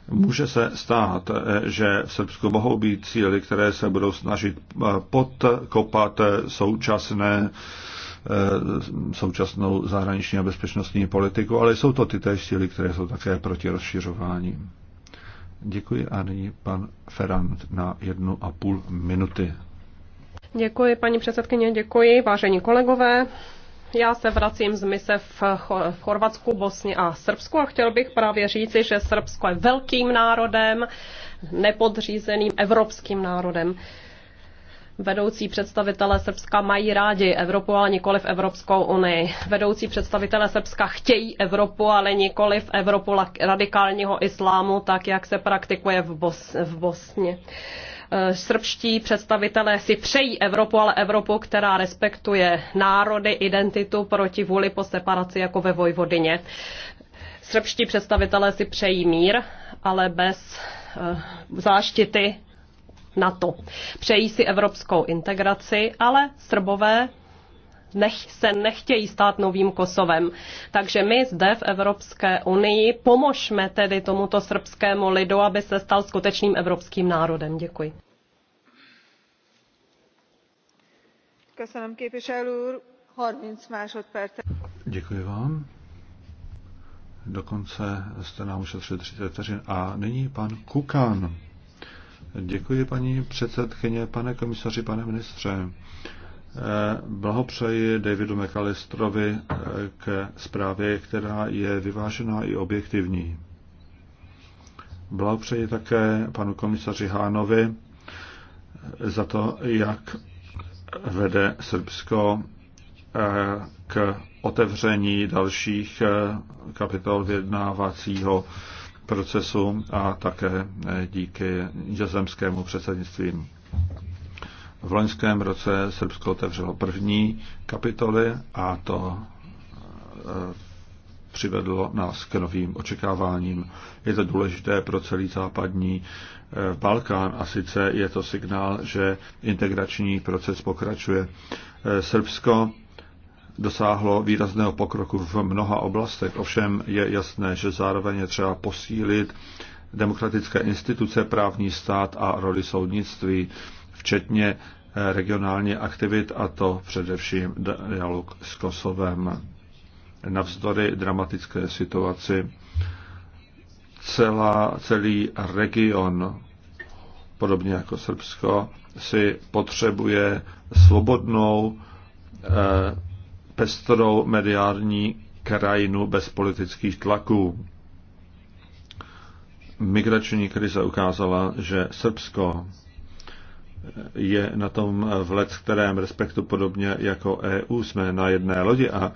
Může se stát, že v Srbsku mohou být cíly, které se budou snažit podkopat současné současnou zahraniční a bezpečnostní politiku, ale jsou to ty též síly, které jsou také proti rozšiřování. Děkuji a nyní pan Ferrand na jednu a půl minuty.
Děkuji, paní předsedkyně, děkuji, vážení kolegové. Já se vracím z mise v Chorvatsku, Bosni a Srbsku a chtěl bych právě říci, že Srbsko je velkým národem, nepodřízeným evropským národem. Vedoucí představitelé Srbska mají rádi Evropu, ale v Evropskou unii. Vedoucí představitelé Srbska chtějí Evropu, ale nikoli v Evropu radikálního islámu, tak jak se praktikuje v, Bos- v Bosně eh, srbští představitelé si přejí Evropu, ale Evropu, která respektuje národy, identitu proti vůli po separaci jako ve Vojvodině. Srbští představitelé si přejí mír, ale bez eh, záštity NATO. Přejí si evropskou integraci, ale Srbové nech, se nechtějí stát novým Kosovem. Takže my zde v Evropské unii pomožme tedy tomuto srbskému lidu, aby se stal skutečným evropským národem. Děkuji.
Děkuji vám. Dokonce jste nám ušetřili 30 vteřin. A nyní pan Kukan. Děkuji paní předsedkyně, pane komisaři, pane ministře. Eh, blahopřeji Davidu McAllisterovi eh, k zprávě, která je vyvážená i objektivní. Blahopřeji také panu komisaři Hánovi eh, za to, jak vede Srbsko k otevření dalších kapitol vyjednávacího procesu a také eh, díky nizozemskému předsednictví. V loňském roce Srbsko otevřelo první kapitoly a to eh, přivedlo nás k novým očekáváním. Je to důležité pro celý západní eh, Balkán a sice je to signál, že integrační proces pokračuje. Srbsko dosáhlo výrazného pokroku v mnoha oblastech. Ovšem je jasné, že zároveň je třeba posílit demokratické instituce, právní stát a roli soudnictví, včetně eh, regionální aktivit a to především dialog s Kosovem. Navzdory dramatické situaci celá, celý region, podobně jako Srbsko, si potřebuje svobodnou eh, pestrou mediální krajinu bez politických tlaků. Migrační krize ukázala, že Srbsko je na tom v let, kterém respektu podobně jako EU jsme na jedné lodi a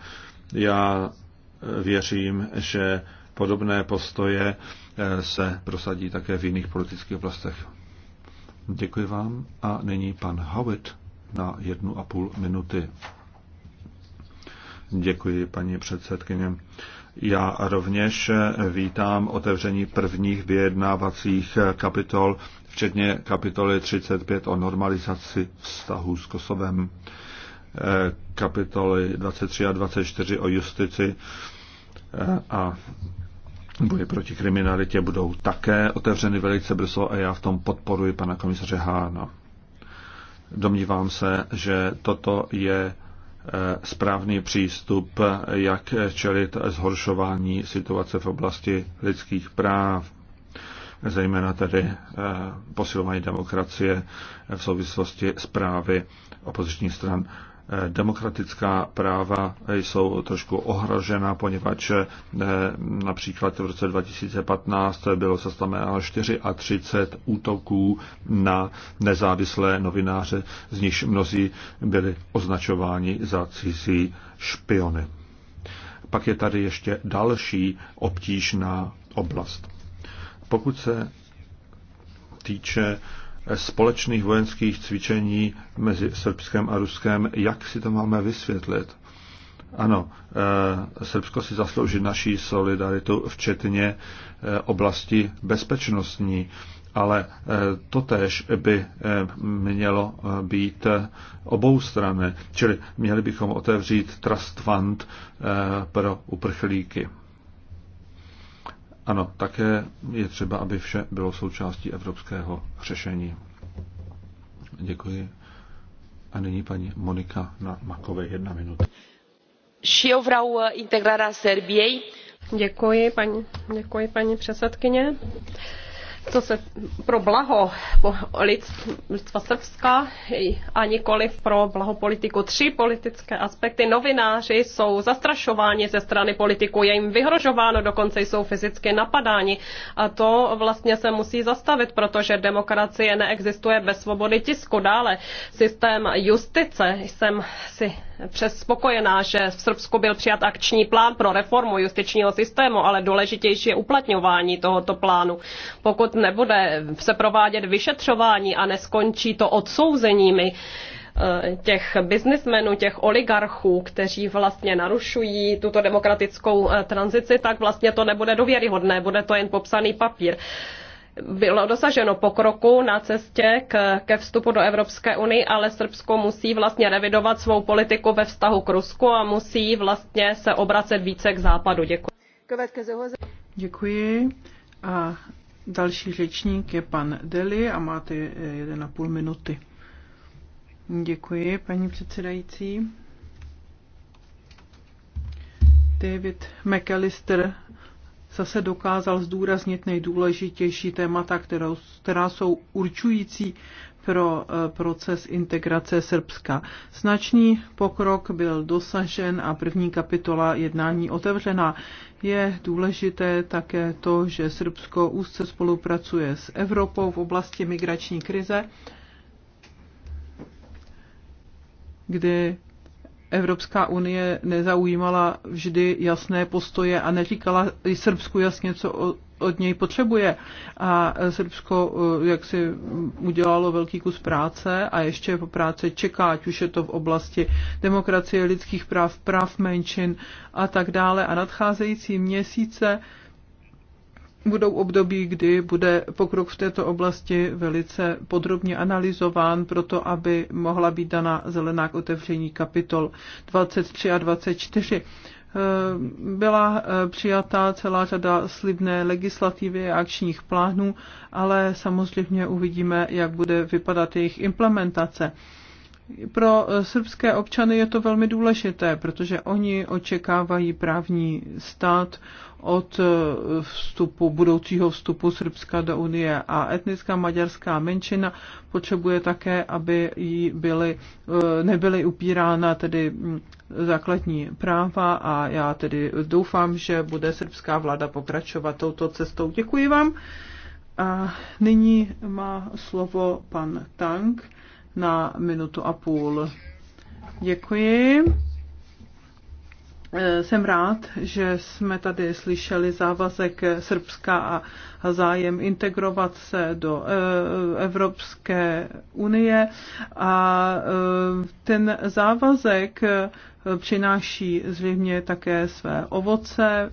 já věřím, že podobné postoje se prosadí také v jiných politických oblastech. Děkuji vám a nyní pan Howitt na jednu a půl minuty. Děkuji, paní předsedkyně. Já rovněž vítám otevření prvních vyjednávacích kapitol, včetně kapitoly 35 o normalizaci vztahů s Kosovem, kapitoly 23 a 24 o justici eh, a boje proti kriminalitě budou také otevřeny velice brzo a já v tom podporuji pana komisaře Hána. Domnívám se, že toto je správný přístup, jak čelit zhoršování situace v oblasti lidských práv, zejména tedy eh, posilování demokracie v souvislosti s právy opozičních stran demokratická práva jsou trošku ohrožena, poněvadž eh, například v roce 2015 bylo zaznamenáno 34 útoků na nezávislé novináře, z nichž mnozí byli označováni za cizí špiony. Pak je tady ještě další obtížná oblast. Pokud se týče společných vojenských cvičení mezi Srbskem a Ruskem. Jak si to máme vysvětlit? Ano, eh, Srbsko si zaslouží naší solidaritu, včetně eh, oblasti bezpečnostní, ale eh, to tež by mělo být obou strany, čili měli bychom otevřít trust fund pro uprchlíky. Ano, také je třeba, aby vše bylo součástí evropského řešení. Děkuji. A nyní paní Monika na Makové jedna minuta.
Și eu vreau uh, Děkuji, paní, děkuji, paní předsedkyně. Uh, co se pro blaho lidstva Srbska a nikoli pro blaho politiku. Tři politické aspekty. Novináři jsou zastrašováni ze strany politiku, je jim vyhrožováno, dokonce jsou fyzicky napadáni. A to vlastně se musí zastavit, protože demokracie neexistuje bez svobody tisku. Dále systém justice jsem si přes spokojená, že v Srbsku byl přijat akční plán pro reformu justičního systému, ale důležitější je uplatňování tohoto plánu. Pokud nebude se provádět vyšetřování a neskončí to odsouzeními, eh, těch biznismenů, těch oligarchů, kteří vlastně narušují tuto demokratickou eh, tranzici, tak vlastně to nebude důvěryhodné, bude to jen popsaný papír bylo dosaženo pokroku na cestě k, ke vstupu do Evropské unie, ale Srbsko musí vlastně revidovat svou politiku ve vztahu k Rusku a musí vlastně se obracet více k západu. Děkuji.
Děkuji. A další řečník je pan Deli a máte eh, půl minuty. Děkuji, paní předsedající. David McAllister zase dokázal zdůraznit nejdůležitější témata, kterou, která jsou určující pro eh, proces integrace Srbska. Značný pokrok byl dosažen a první kapitola jednání otevřena. Je důležité také to, že Srbsko úzce spolupracuje s Evropou v oblasti migrační krize, kdy Evropská unie nezaujímala vždy jasné postoje a neříkala i Srbsku jasně, co od něj potřebuje. A Srbsko eh, jak si udělalo velký kus práce a ještě po práce čeká, ať už je to v oblasti demokracie, lidských práv, práv menšin a tak dále. A nadcházející měsíce budou období, kdy bude pokrok v této oblasti velice podrobně analyzován, proto aby mohla být dana zelená k otevření kapitol 23 a 24 eh, byla eh, přijatá celá řada slibné legislativy a akčních plánů, ale samozřejmě uvidíme, jak bude vypadat jejich implementace. Pro eh, srbské občany je to velmi důležité, protože oni očekávají právní stát, od eh, vstupu, budoucího vstupu Srbska do Unie. A etnická maďarská menšina potřebuje také, aby jí byly, eh, nebyly upírána tedy hm, základní práva a já tedy doufám, že bude srbská vláda pokračovat touto cestou. Děkuji vám. A nyní má slovo pan Tank na minutu a půl. Děkuji. Eh, jsem rád, že jsme tady slyšeli závazek Srbska a zájem integrovat se do eh, Evropské unie a eh, ten závazek přináší zřejmě také své ovoce.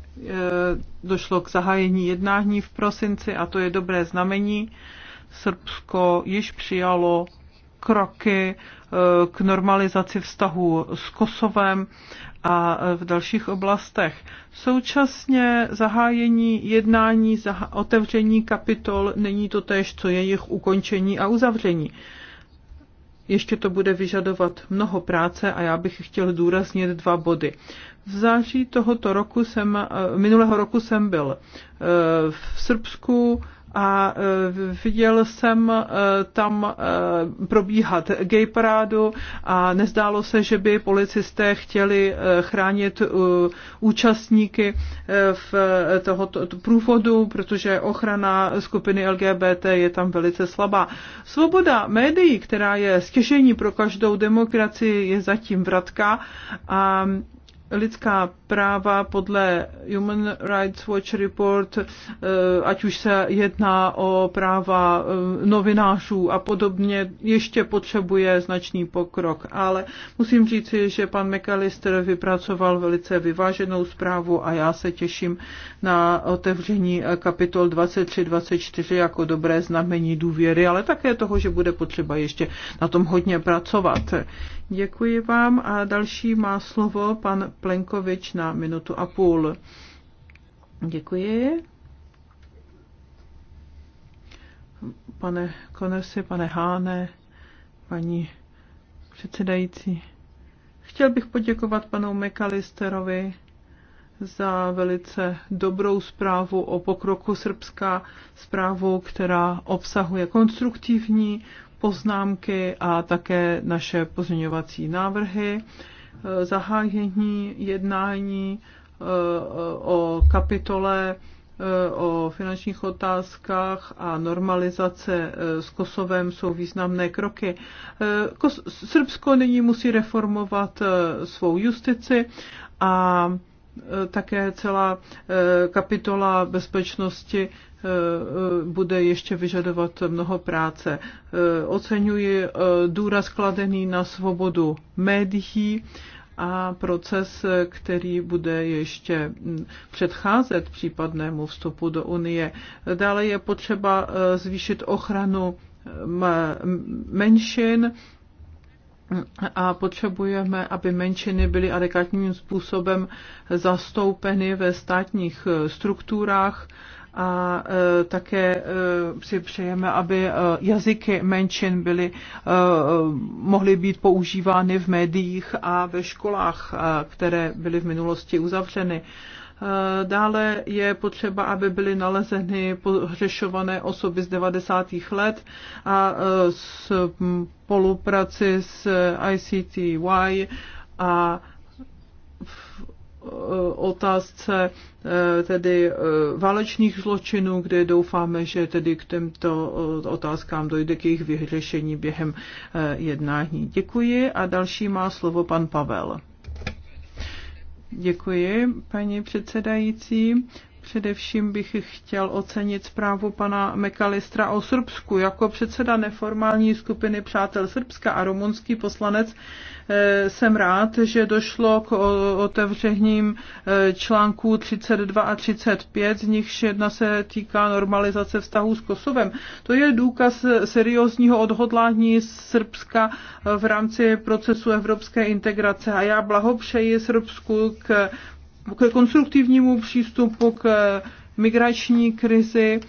Došlo k zahájení jednání v prosinci a to je dobré znamení. Srbsko již přijalo kroky k normalizaci vztahu s Kosovem a v dalších oblastech. Současně zahájení jednání, zah- otevření kapitol není to též, co je jejich ukončení a uzavření. Ještě to bude vyžadovat mnoho práce a já bych chtěl důraznit dva body. V září tohoto roku jsem, eh, minulého roku jsem byl eh, v Srbsku, a e, viděl jsem e, tam e, probíhat gay parádu a nezdálo se, že by policisté chtěli chránit účastníky v tohoto průvodu, protože ochrana skupiny LGBT je tam velice slabá. Svoboda médií, která je stěžení pro každou demokracii, je zatím vratká a lidská práva podle Human Rights Watch Report, eh, ať už se jedná o práva eh, novinářů a podobně, ještě potřebuje značný pokrok. Ale musím říci, že pan McAllister vypracoval velice vyváženou zprávu a já se těším na otevření kapitol 23-24 jako dobré znamení důvěry, ale také toho, že bude potřeba ještě na tom hodně pracovat. Děkuji vám a další má slovo pan Plenkovič na minutu a půl. Děkuji. Pane Konersi, pane Háne, paní předsedající. Chtěl bych poděkovat panu Mekalisterovi za velice dobrou zprávu o pokroku Srbska, zprávu, která obsahuje konstruktivní poznámky a také naše pozměňovací návrhy. Eh, zahájení jednání eh, o kapitole eh, o finančních otázkách a normalizace s Kosovem jsou významné kroky. Srbsko nyní musí reformovat svou justici a také celá kapitola bezpečnosti Eh, bude ještě vyžadovat mnoho práce. Eh, oceňuji eh, důraz kladený na svobodu médií a proces, který bude ještě hm, předcházet případnému vstupu do Unie. Dále je potřeba zvýšit ochranu hm, menšin, a potřebujeme, aby menšiny byly adekvátním způsobem zastoupeny ve státních strukturách a e, také e, si přejeme, aby e, jazyky menšin byly, mohly být používány v médiích a ve školách, které byly v minulosti uzavřeny. Dále je potřeba, aby byly nalezeny pohřešované osoby z 90. let a s spolupráci s ICTY a Eh, otázce eh, tedy eh, válečných zločinů, kde doufáme, že tedy k těmto otázkám dojde k jejich vyřešení během jednání. Děkuji a další má slovo pan Pavel. Děkuji, paní předsedající. Především bych chtěl ocenit zprávu pana Mekalistra o Srbsku. Jako předseda neformální skupiny Přátel Srbska a rumunský poslanec eh, jsem rád, že došlo k otevřením eh, článků 32 a 35, z nichž jedna se týká normalizace vztahů s Kosovem. To je důkaz eh, seriózního odhodlání Srbska v rámci procesu evropské integrace a já blahopřeji Srbsku k ke konstruktivnímu přístupu k migrační krizi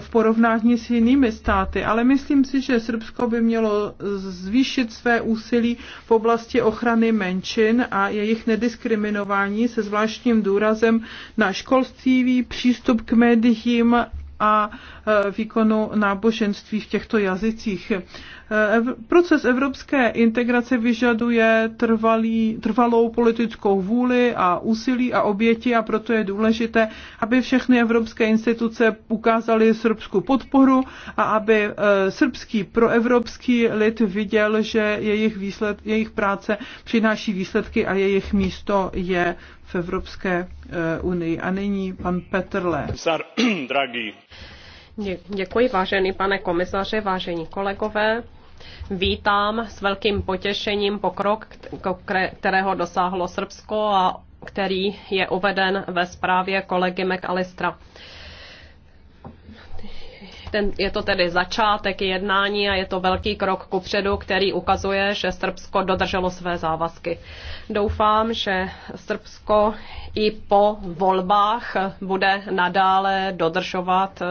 v porovnání s jinými státy, ale myslím si, že Srbsko by mělo zvýšit své úsilí v oblasti ochrany menšin a jejich nediskriminování se zvláštním důrazem na školství, přístup k médiím a e, výkonu náboženství v těchto jazycích. Proces evropské integrace vyžaduje trvalý, trvalou politickou vůli a úsilí a oběti a proto je důležité, aby všechny evropské instituce ukázaly srbskou podporu a aby e, srbský proevropský lid viděl, že jejich, výsled, jejich práce přináší výsledky a jejich místo je v Evropské e, unii. A nyní pan Petrle.
Děkuji, vážený pane komisaře vážení kolegové. Vítám s velkým potěšením pokrok, kterého dosáhlo Srbsko a který je uveden ve zprávě kolegy McAllistera. Ten, je to tedy začátek jednání a je to velký krok kupředu, který ukazuje, že Srbsko dodrželo své závazky. Doufám, že Srbsko i po volbách bude nadále dodržovat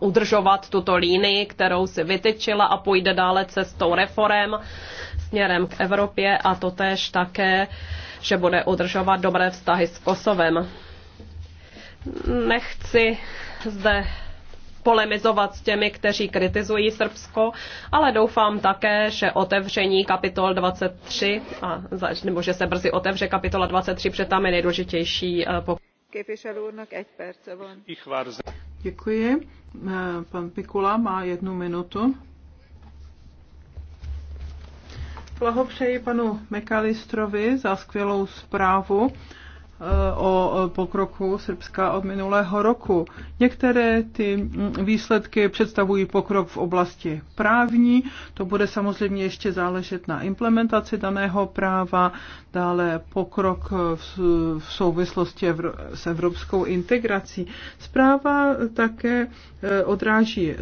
udržovat tuto línii, kterou si vytyčila a půjde dále cestou reform směrem k Evropě a totéž také, že bude udržovat dobré vztahy s Kosovem. Nechci zde polemizovat s těmi, kteří kritizují Srbsko, ale doufám také, že otevření kapitol 23, a, nebo že se brzy otevře kapitola 23, protože tam je nejdůležitější eh, pokud. Děkuji. Eh,
pan Pikula má jednu minutu. Blahopřeji panu Mekalistrovi za skvělou zprávu. Eh, o pokroku Srbska od minulého roku. Některé ty mm, výsledky představují pokrok v oblasti právní, to bude samozřejmě ještě záležet na implementaci daného práva, dále pokrok v souvislosti s evropskou integrací. Zpráva také eh, odráží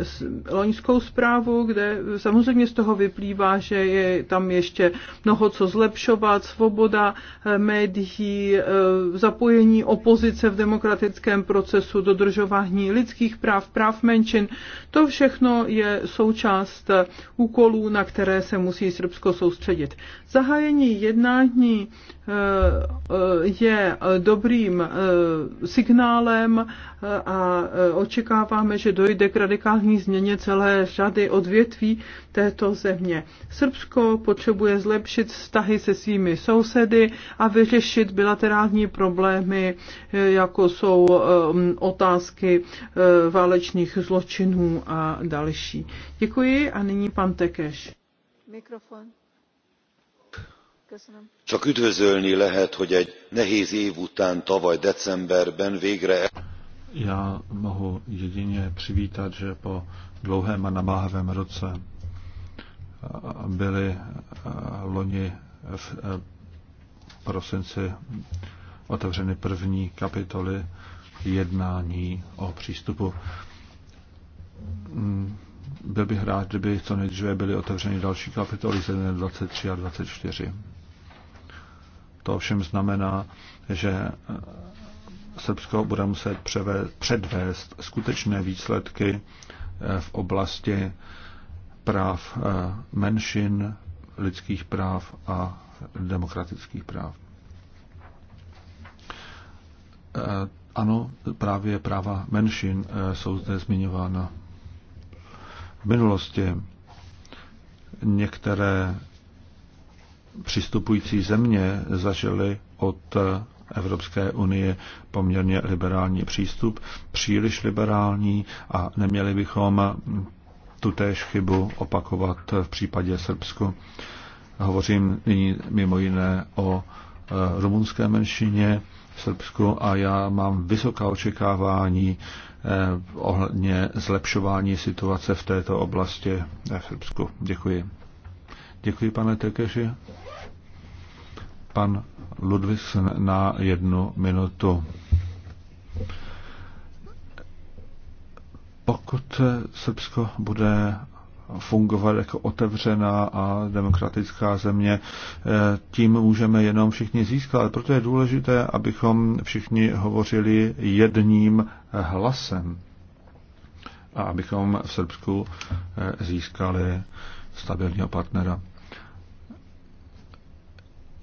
loňskou zprávu, kde samozřejmě z toho vyplývá, že je tam ještě mnoho co zlepšovat, svoboda eh, médií, zapojení opozice v demokratickém procesu, dodržování lidských práv, práv menšin. To všechno je součást úkolů, na které se musí Srbsko soustředit. Zahájení jednání eh, eh, je dobrým eh, signálem a e, očekáváme, že dojde k radikální změně celé řady odvětví této země. Srbsko potřebuje zlepšit vztahy se svými sousedy a vyřešit bilaterální problémy, e, jako jsou e, otázky válečných zločinů a další. Děkuji a nyní pan Tekeš.
Mikrofon.
Csak üdvözölni lehet, hogy egy nehéz év után tavaly decemberben végre já mohu jedině přivítat, že po dlouhém a namáhavém roce byly loni v prosinci otevřeny první kapitoly jednání o přístupu. Mm, byl bych rád, kdyby co nejdříve byly otevřeny další kapitoly 23 a 24. To ovšem znamená, že Srbsko bude muset převést, předvést skutečné výsledky eh, v oblasti práv eh, menšin, lidských práv a demokratických práv. Eh, ano, právě práva menšin jsou zde zmiňována. V minulosti některé přistupující země zažily od Evropské unie poměrně liberální přístup, příliš liberální a neměli bychom tutéž chybu opakovat v případě Srbsku. Hovořím nyní mimo jiné o e, rumunské menšině v Srbsku a já mám vysoká očekávání e, ohledně zlepšování situace v této oblasti v Srbsku. Děkuji. Děkuji, pane Tekeši. Pan Ludvigsen na jednu minutu. Pokud Srbsko bude fungovat jako otevřená a demokratická země. Eh, tím můžeme jenom všichni získat. Proto je důležité, abychom všichni hovořili jedním hlasem a abychom v Srbsku eh, získali stabilního partnera.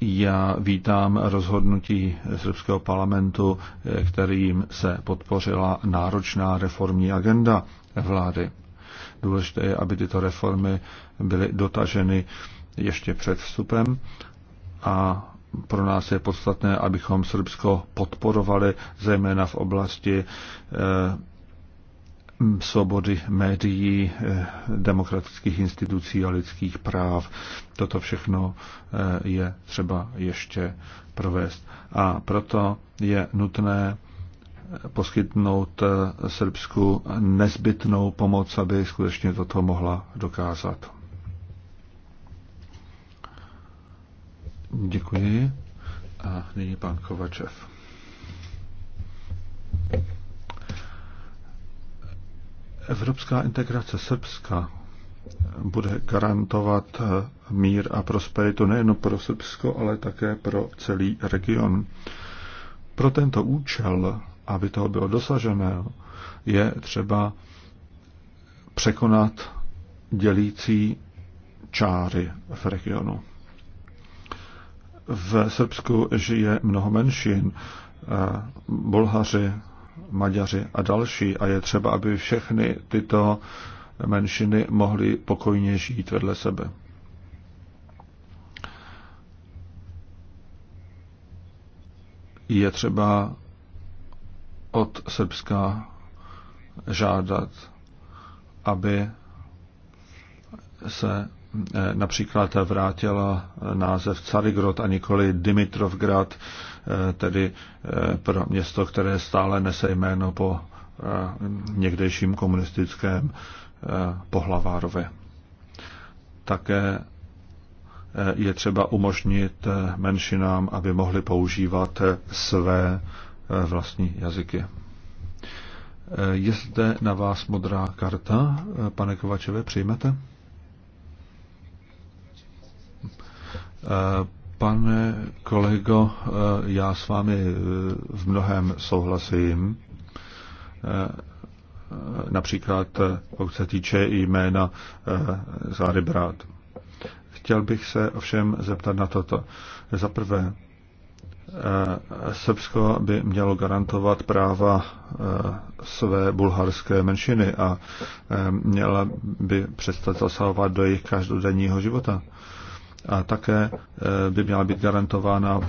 Já vítám rozhodnutí srbského parlamentu, kterým se podpořila náročná reformní agenda vlády. Důležité je, aby tyto reformy byly dotaženy ještě před vstupem a pro nás je podstatné, abychom Srbsko podporovali, zejména v oblasti eh, svobody médií, eh, demokratických institucí a lidských práv. Toto všechno eh, je třeba ještě provést. A proto je nutné eh, poskytnout Srbsku nezbytnou pomoc, aby skutečně toto mohla dokázat. Děkuji. A nyní pan Kovačev. Evropská integrace Srbska bude garantovat eh, mír a prosperitu nejen pro Srbsko, ale také pro celý region. Pro tento účel, aby toho bylo dosažené, je třeba překonat dělící čáry v regionu. V Srbsku žije mnoho menšin. Eh, Bulhaři, Maďaři a další. A je třeba, aby všechny tyto menšiny mohly pokojně žít vedle sebe. Je třeba od Srbska žádat, aby se Eh, například vrátila název Carigrod a nikoli Dimitrovgrad, eh, tedy eh, pro město, které stále nese jméno po někdejším komunistickém pohlavárově. Také je třeba umožnit menšinám, aby mohli používat své vlastní jazyky. Je zde na vás modrá karta, pane Kovačeve, přijmete? Pane kolego, eh, já s vámi eh, v mnohem souhlasím. Eh, například pokud se týče jména Záry Brát. Chtěl bych se ovšem zeptat na toto. Za prvé, Srbsko by mělo garantovat práva své bulharské menšiny a měla by přestat zasahovat do jejich každodenního života a také eh, by měla být garantována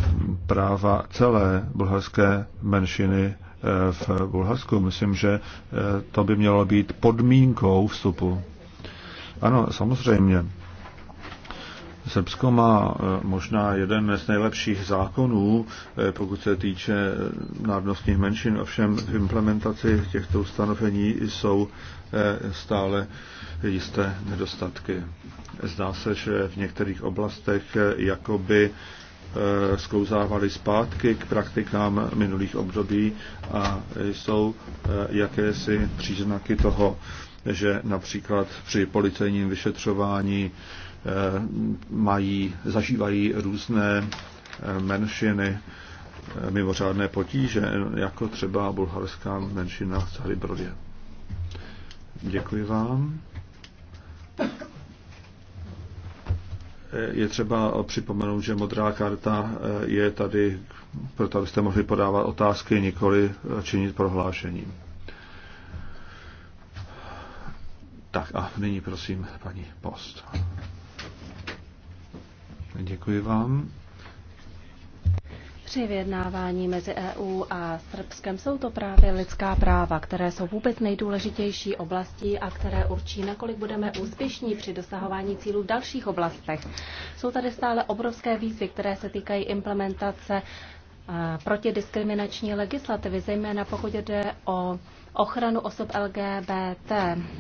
práva celé bulharské menšiny eh, v Bulharsku. Myslím, že eh, to by mělo být podmínkou vstupu. Ano, samozřejmě. Srbsko má e, možná jeden z nejlepších zákonů, e, pokud se týče e, národnostních menšin, ovšem v implementaci těchto ustanovení jsou stále jisté nedostatky. Zdá se, že v některých oblastech jakoby sklouzávali zpátky k praktikám minulých období a jsou jakési příznaky toho, že například při policejním vyšetřování Eh, mají, zažívají různé eh, menšiny eh, mimořádné potíže, jako třeba bulharská menšina v Celibrodě. Děkuji vám. Je třeba připomenout, že modrá karta je tady proto, abyste mohli podávat otázky, nikoli činit prohlášení. Tak a nyní prosím paní Post. Děkuji vám.
Při vyjednávání mezi EU a Srbskem jsou to právě lidská práva, které jsou vůbec nejdůležitější oblastí a které určí, nakolik budeme úspěšní při dosahování cílů v dalších oblastech. Jsou tady stále obrovské výzvy, které se týkají implementace protidiskriminační legislativy, zejména pokud jde o ochranu osob LGBT.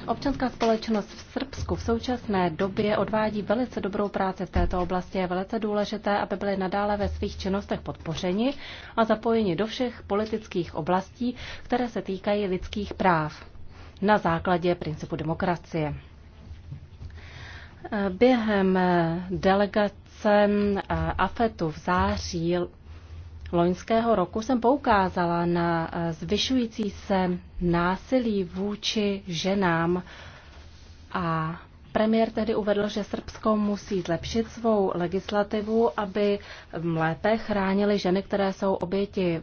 Občanská společnost v Srbsku v současné době odvádí velice dobrou práci v této oblasti. Je velice důležité, aby byly nadále ve svých činnostech podpořeni a zapojeni do všech politických oblastí, které se týkají lidských práv na základě principu demokracie. Během delegace eh, AFETu v září loňského roku jsem poukázala na eh, zvyšující se násilí vůči ženám a Premiér tedy uvedl, že Srbsko musí zlepšit svou legislativu, aby lépe chránili ženy, které jsou oběti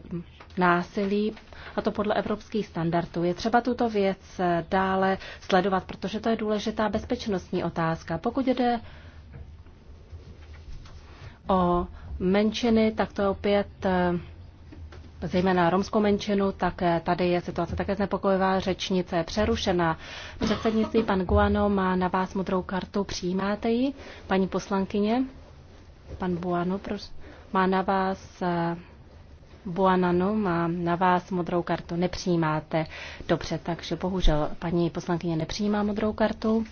násilí, a to podle evropských standardů. Je třeba tuto věc eh, dále sledovat, protože to je důležitá bezpečnostní otázka. Pokud jde o menšiny, tak to je opět eh, zejména romskou menšinu, tak eh, tady je situace také znepokojivá, řečnice je přerušená. Předsednictví pan Guano má na vás modrou kartu, přijímáte ji? Paní poslankyně, pan Buano, prosím, má na vás Buanano eh, má na vás modrou kartu, nepřijímáte. Dobře, takže bohužel paní poslankyně nepřijímá modrou kartu.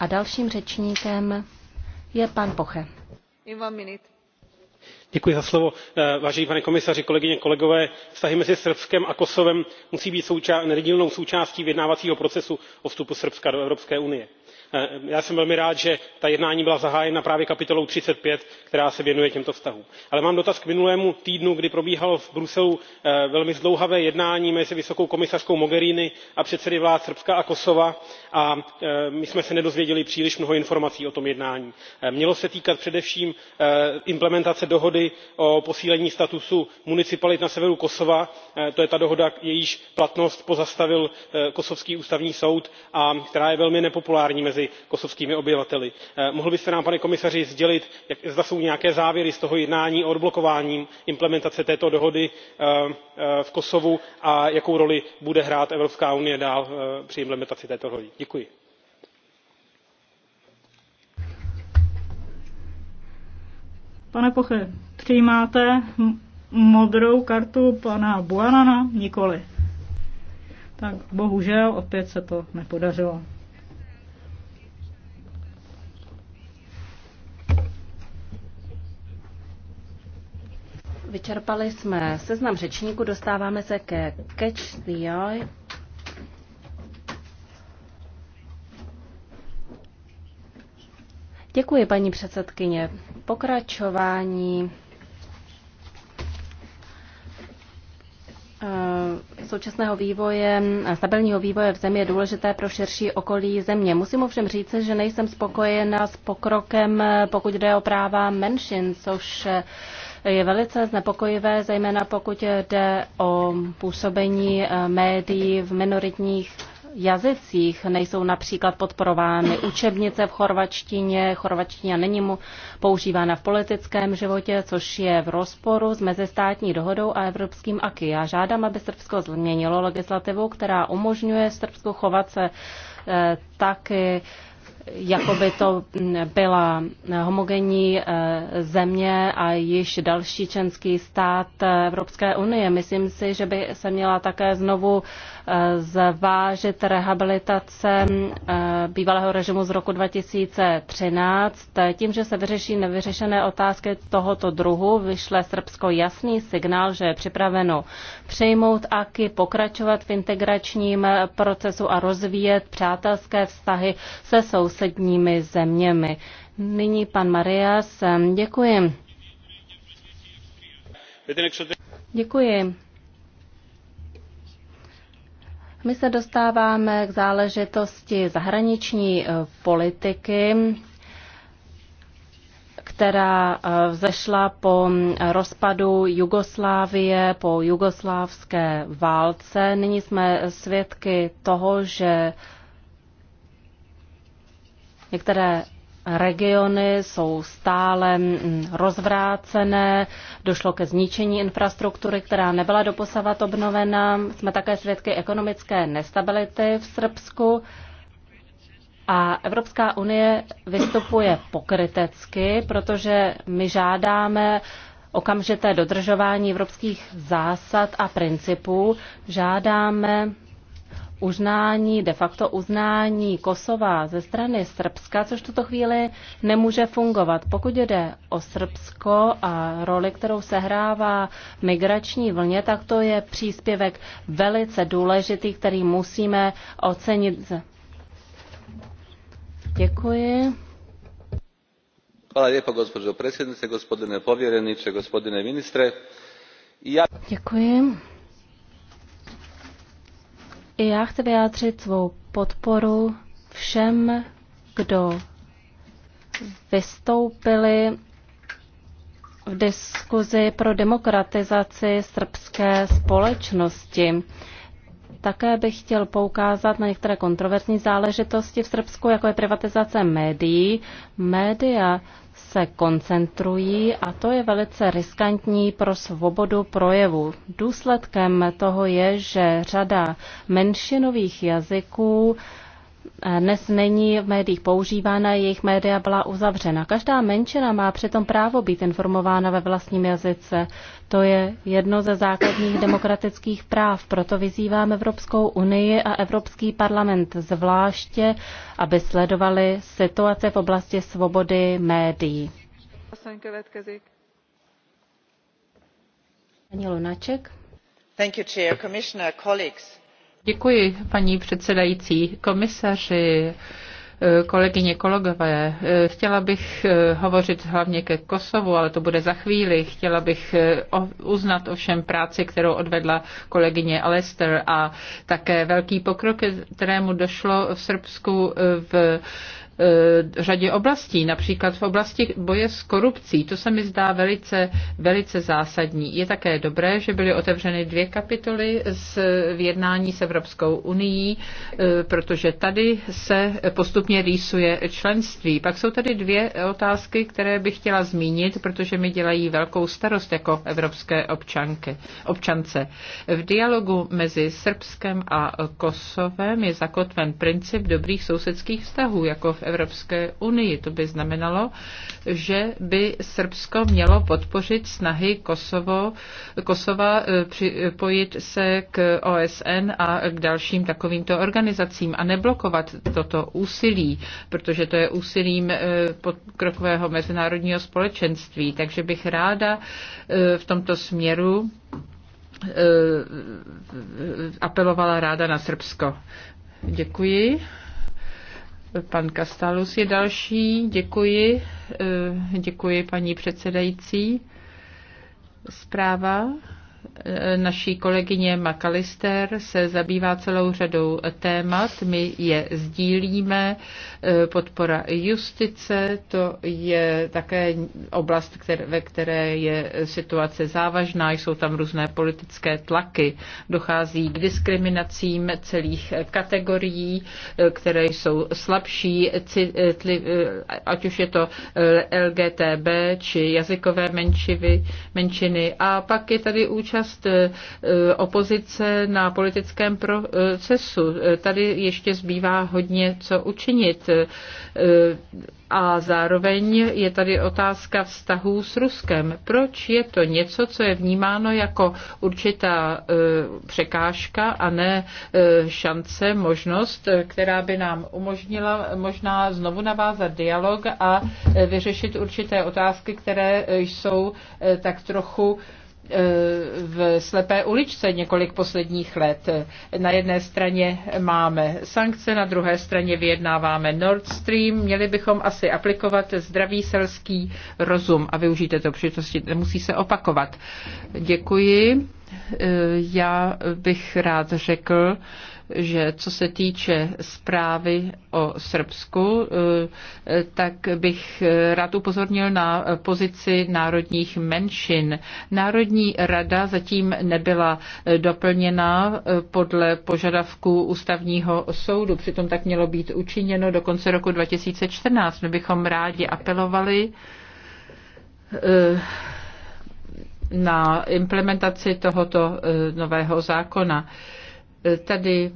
A dalším řečníkem je pan Poche.
Ivan Minit.
Eh, vážený pane komisaři kolegyně kolegové vztahy mezi srbskem a kosovem musí být nedílnou součástí vyjednávacího procesu o vstupu srbska do evropské unie. Eh, já jsem velmi rád že ta jednání byla zahájena právě kapitolou thirty five která se věnuje těmto vztahům. ale mám dotaz k minulému týdnu kdy probíhalo v bruselu eh, velmi zdlouhavé jednání mezi vysokou komisařkou mogheriniovou a předsedy vlád srbska a kosova a eh, my jsme se nedozvěděli příliš mnoho informací o tom jednání. mělo se týkat především implementace dohody o posílení statusu municipalit na severu kosova to je ta dohoda jejíž platnost pozastavil kosovský ústavní soud a která je velmi nepopulární mezi kosovskými obyvateli. Eh, mohl byste nám pane komisaři sdělit zda jsou nějaké závěry z toho jednání o odblokování implementace této dohody eh, eh, v kosovu a jakou roli bude hrát evropská unie dál při implementaci této dohody? děkuji.
Pane Poche, přijímáte modrou kartu pana Buanana? Nikoli. Tak bohužel opět se to nepodařilo.
Vyčerpali jsme seznam řečníků, dostáváme se ke Catch the Eye. Děkuji, paní předsedkyně. Pokračování eh, současného vývoje, eh, stabilního vývoje v zemi je důležité pro širší okolí země. Musím ovšem říct, že nejsem spokojena s pokrokem, eh, pokud jde o práva menšin, což je velice znepokojivé, zejména pokud jde o působení eh, médií v minoritních jazycích. Nejsou například podporovány učebnice v chorvačtině, chorvačtina není mu používána v politickém životě, což je v rozporu s mezistátní dohodou a evropským aky. Já žádám, aby Srbsko změnilo legislativu, která umožňuje Srbsku chovat se eh, taky jako by to byla homogenní eh, země a již další členský stát eh, Evropské unie. Myslím si, že by se měla také znovu eh, zvážit rehabilitace bývalého režimu z roku 2013. Tím, že se vyřeší nevyřešené otázky tohoto druhu, vyšle Srbsko jasný signál, že je připraveno přejmout AKY, pokračovat v integračním procesu a rozvíjet přátelské vztahy se sousedy sousedními zeměmi. Nyní pan Marias, děkuji. Děkuji. My se dostáváme k záležitosti zahraniční eh, politiky, která eh, vzešla po mm, rozpadu Jugoslávie, po jugoslávské válce. Nyní jsme svědky toho, že Některé regiony jsou stále mm, rozvrácené, došlo ke zničení infrastruktury, která nebyla doposavat obnovena. Jsme také svědky ekonomické nestability v Srbsku. A Evropská unie vystupuje pokrytecky, protože my žádáme okamžité dodržování evropských zásad a principů, žádáme uznání, de facto uznání Kosova ze strany Srbska, což tuto chvíli nemůže fungovat. Pokud jde o Srbsko a roli, kterou sehrává migrační vlně, tak to je příspěvek velice důležitý, který musíme ocenit. Děkuji.
Hvala lijepo gospođo predsjednice, gospodine povjereniče, gospodine ministre. Ja...
Děkuji. I já chci vyjádřit svou podporu všem, kdo vystoupili v diskuzi pro demokratizaci srbské společnosti. Také bych chtěl poukázat na některé kontroverzní záležitosti v Srbsku, jako je privatizace médií. Média se koncentrují a to je velice riskantní pro svobodu projevu. Důsledkem toho je, že řada menšinových jazyků dnes není v médiích používána, jejich média byla uzavřena. Každá menšina má přitom právo být informována ve vlastním jazyce. To je jedno ze základních demokratických práv. Proto vyzývám Evropskou unii a Evropský parlament zvláště, aby sledovali situace v oblasti svobody médií.
Paní Lunaček. Thank you, Chair. Commissioner, colleagues Děkuji, paní předsedající. Komisaři, kolegyně, kolegové. Chtěla bych eh, hovořit hlavně ke Kosovu, ale to bude za chvíli. Chtěla bych eh, uznat ovšem práci, kterou odvedla kolegyně Alester a také velký pokrok, kterému došlo v Srbsku eh, v Eh, řadě oblastí, například v oblasti boje s korupcí. To se mi zdá velice, velice zásadní. Je také dobré, že byly otevřeny dvě kapitoly z vyjednání s Evropskou unii, eh, protože tady se postupně rýsuje členství. Pak jsou tady dvě otázky, které bych chtěla zmínit, protože mi dělají velkou starost jako evropské občanky, občance. V dialogu mezi Srbskem a Kosovem je zakotven princip dobrých sousedských vztahů, jako v Evropské unii. To by znamenalo, že by Srbsko mělo podpořit snahy Kosovo, Kosova eh, připojit se k OSN a k dalším takovýmto organizacím a neblokovat toto úsilí, protože to je úsilím eh, podkrokového mezinárodního společenství. Takže bych ráda eh, v tomto směru apelovala ráda na Srbsko. Děkuji. Pan Kastalus je další. Děkuji. Eh, děkuji paní předsedající. Zpráva Eh, naší kolegyně Makalister se zabývá celou řadou témat. My je sdílíme. Eh, podpora justice, to je také oblast, ve které je situace závažná. Jsou tam různé politické tlaky. Dochází k diskriminacím celých kategorií, eh, které jsou slabší, ať už je to LGTB či jazykové menšiny. A pak je tady účast účast eh, opozice na politickém procesu. Tady ještě zbývá hodně co učinit. Eh, a zároveň je tady otázka vztahů s Ruskem. Proč je to něco, co je vnímáno jako určitá e, překážka a ne e, šance, možnost, která by nám umožnila možná znovu navázat dialog a e, vyřešit určité otázky, které jsou e, tak trochu e, Eh, v slepé uličce několik posledních let. Na jedné straně máme sankce, na druhé straně vyjednáváme Nord Stream. Měli bychom asi aplikovat zdravý selský rozum a využít této příležitosti. Nemusí se opakovat. Děkuji. Eh, já bych rád řekl, že co se týče zprávy o Srbsku, eh, tak bych eh, rád upozornil na pozici národních menšin. Národní rada zatím nebyla eh, doplněna podle požadavků ústavního soudu. Přitom tak mělo být učiněno do konce roku 2014. My bychom rádi apelovali na implementaci tohoto nového zákona tady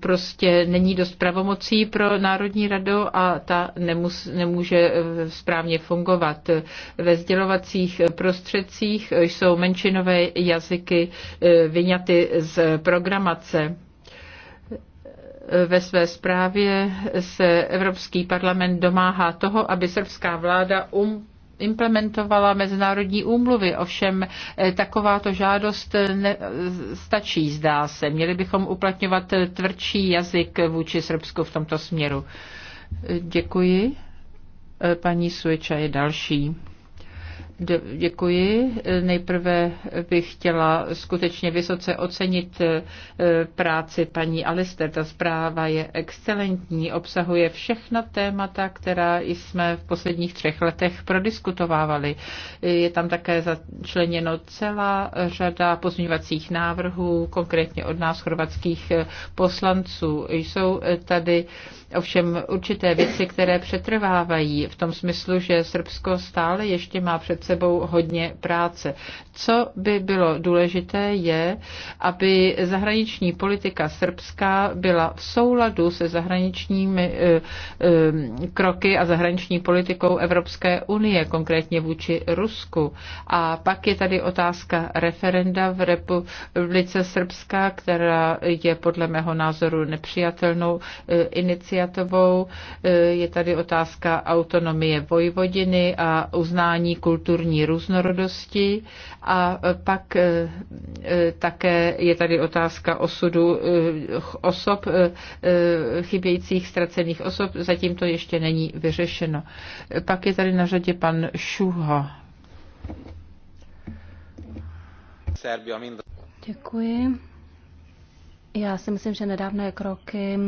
prostě není dost pravomocí pro Národní radu a ta nemus, nemůže eh, správně fungovat. Ve sdělovacích prostředcích jsou menšinové jazyky eh, vyňaty z programace ve své zprávě se Evropský parlament domáhá toho, aby srbská vláda um implementovala mezinárodní úmluvy, ovšem eh, takováto žádost eh, ne, eh, stačí, zdá se. Měli bychom uplatňovat tvrdší jazyk vůči Srbsku v tomto směru. Děkuji. Paní Suiča je další. Děkuji. Nejprve bych chtěla skutečně vysoce ocenit eh, práci paní Alister. Ta zpráva je excelentní, obsahuje všechna témata, která jsme v posledních třech letech prodiskutovávali. Je tam také začleněno celá řada pozměňovacích návrhů, konkrétně od nás chorvatských eh, poslanců. Jsou eh, tady ovšem určité věci, které přetrvávají v tom smyslu, že Srbsko stále ještě má před sebou hodně práce. Co by bylo důležité, je, aby zahraniční politika srbská byla v souladu se zahraničními eh, eh, kroky a zahraniční politikou Evropské unie, konkrétně vůči Rusku. A pak je tady otázka referenda v Republice Srbská, která je podle mého názoru nepřijatelnou eh, iniciativou. Je tady otázka autonomie Vojvodiny a uznání kultury kulturní různorodosti a pak eh, eh, také je tady otázka osudu eh, osob, chybějících ztracených osob, zatím to ještě není vyřešeno. Pak je tady na řadě pan Šuho. Děkuji.
Já si myslím, že nedávné kroky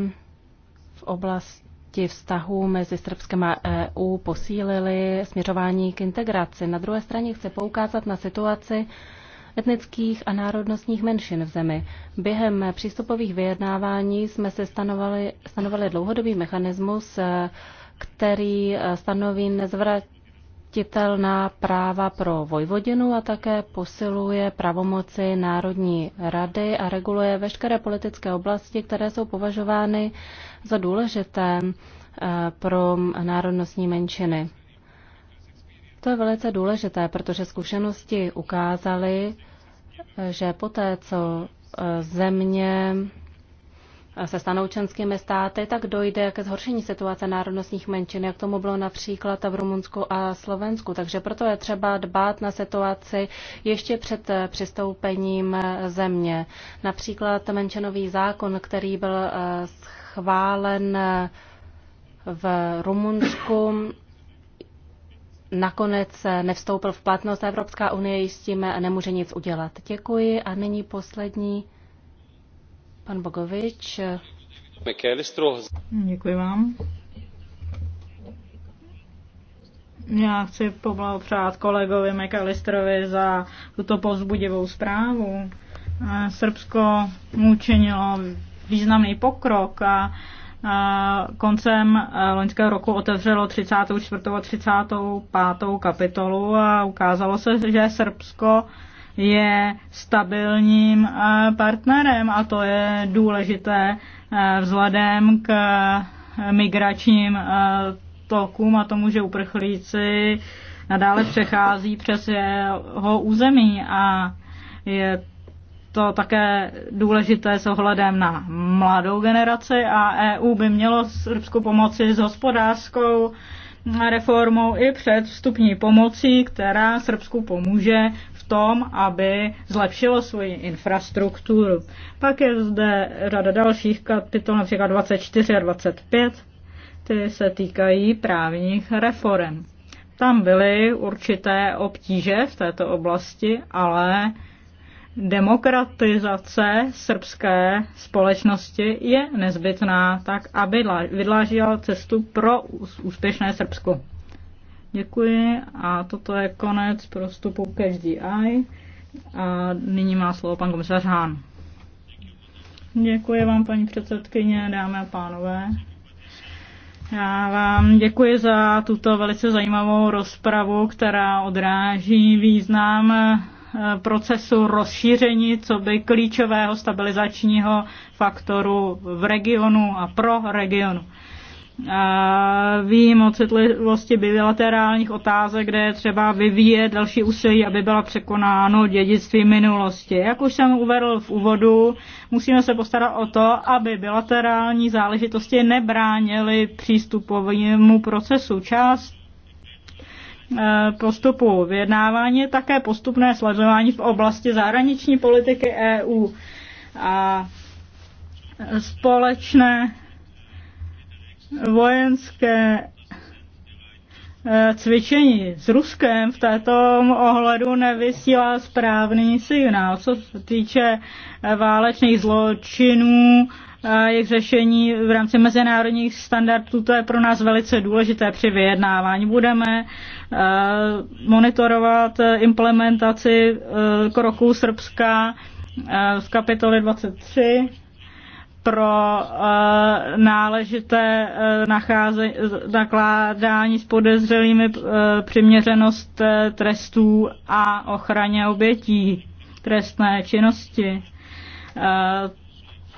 v oblasti oblasti vztahů mezi Srbskem a EU posílily směřování k integraci. Na druhé straně chce poukázat na situaci etnických a národnostních menšin v zemi. Během přístupových vyjednávání jsme se stanovali, stanovali dlouhodobý mechanismus, který stanoví nezvrat nepřekročitelná práva pro Vojvodinu a také posiluje pravomoci Národní rady a reguluje veškeré politické oblasti, které jsou považovány za důležité eh, pro národnostní menšiny. To je velice důležité, protože zkušenosti ukázaly, eh, že poté, co eh, země se stanou členskými státy, tak dojde ke zhoršení situace národnostních menšin, jak tomu bylo například v Rumunsku a Slovensku. Takže proto je třeba dbát na situaci ještě před přistoupením země. Například menšinový zákon, který byl eh, schválen v Rumunsku, nakonec nevstoupil v platnost. Evropská unie s tím nemůže nic udělat. Děkuji a nyní poslední Pan Bogovič. Děkuji vám.
Já chci poblahopřát kolegovi Mekalistrovi za tuto pozbudivou zprávu. Srbsko učinilo významný pokrok a koncem loňského roku otevřelo 34. a 35. kapitolu a ukázalo se, že Srbsko je stabilním eh, partnerem a to je důležité eh, vzhledem k eh, migračním tokům a tomu, že uprchlíci nadále přechází přes jeho území a je to také důležité s ohledem na mladou generaci a EU by mělo Srbsku pomoci s hospodářskou reformou i před vstupní pomocí, která Srbsku pomůže tom, aby zlepšilo svoji infrastrukturu. Pak je zde řada dalších kapitol, například 24 a 25, ty se týkají právních reform. Tam byly určité obtíže v této oblasti, ale demokratizace srbské společnosti je nezbytná tak, aby vydlážila cestu pro úspěšné Srbsko. Děkuji a toto je konec prostupu každý AI. A nyní má slovo pan komisař Hán. Děkuji vám, paní předsedkyně, dámy a pánové. Já vám děkuji za tuto velice zajímavou rozpravu, která odráží význam eh, procesu rozšíření co by klíčového stabilizačního faktoru v regionu a pro regionu vím o citlivosti bilaterálních otázek, kde je třeba vyvíjet další úsilí, aby byla překonáno dědictví minulosti. Jak už jsem uvedl v úvodu, musíme se postarat o to, aby bilaterální záležitosti nebránily přístupovému procesu. Část eh, postupu vyjednávání je také postupné sledování v oblasti zahraniční politiky EU a společné vojenské eh, cvičení s Ruskem v této ohledu nevysílá správný signál, co se týče eh, válečných zločinů, eh, jejich řešení v rámci mezinárodních standardů, to je pro nás velice důležité při vyjednávání. Budeme monitorovat implementaci kroků Srbska v kapitole 23 pro eh, náležité eh, nacháze, nakládání s podezřelými eh, přiměřenost trestů a ochraně obětí trestné činnosti.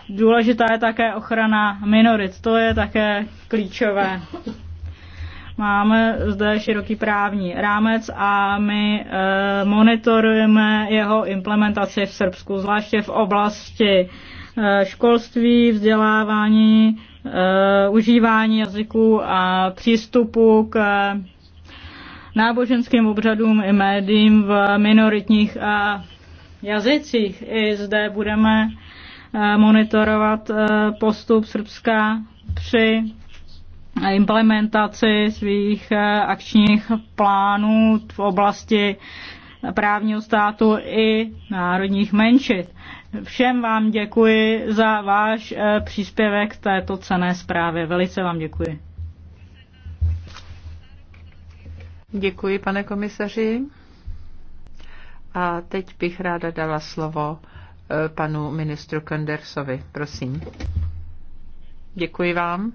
Důležitá je také ochrana minorit, to je také klíčové. Máme zde široký právní rámec a my monitorujeme jeho implementaci v Srbsku, zvláště v oblasti školství, vzdělávání, eh, užívání jazyků a přístupu k náboženským obřadům i médiím v minoritních jazycích. I zde budeme eh, monitorovat eh, postup Srbska při implementaci svých akčních plánů v oblasti právního státu i národních menšin. Všem vám děkuji za váš eh, příspěvek této cené zprávě. Velice vám děkuji.
Děkuji, pane komisaři. A teď bych ráda dala slovo eh, panu ministru Kendersovi. Prosím. Děkuji vám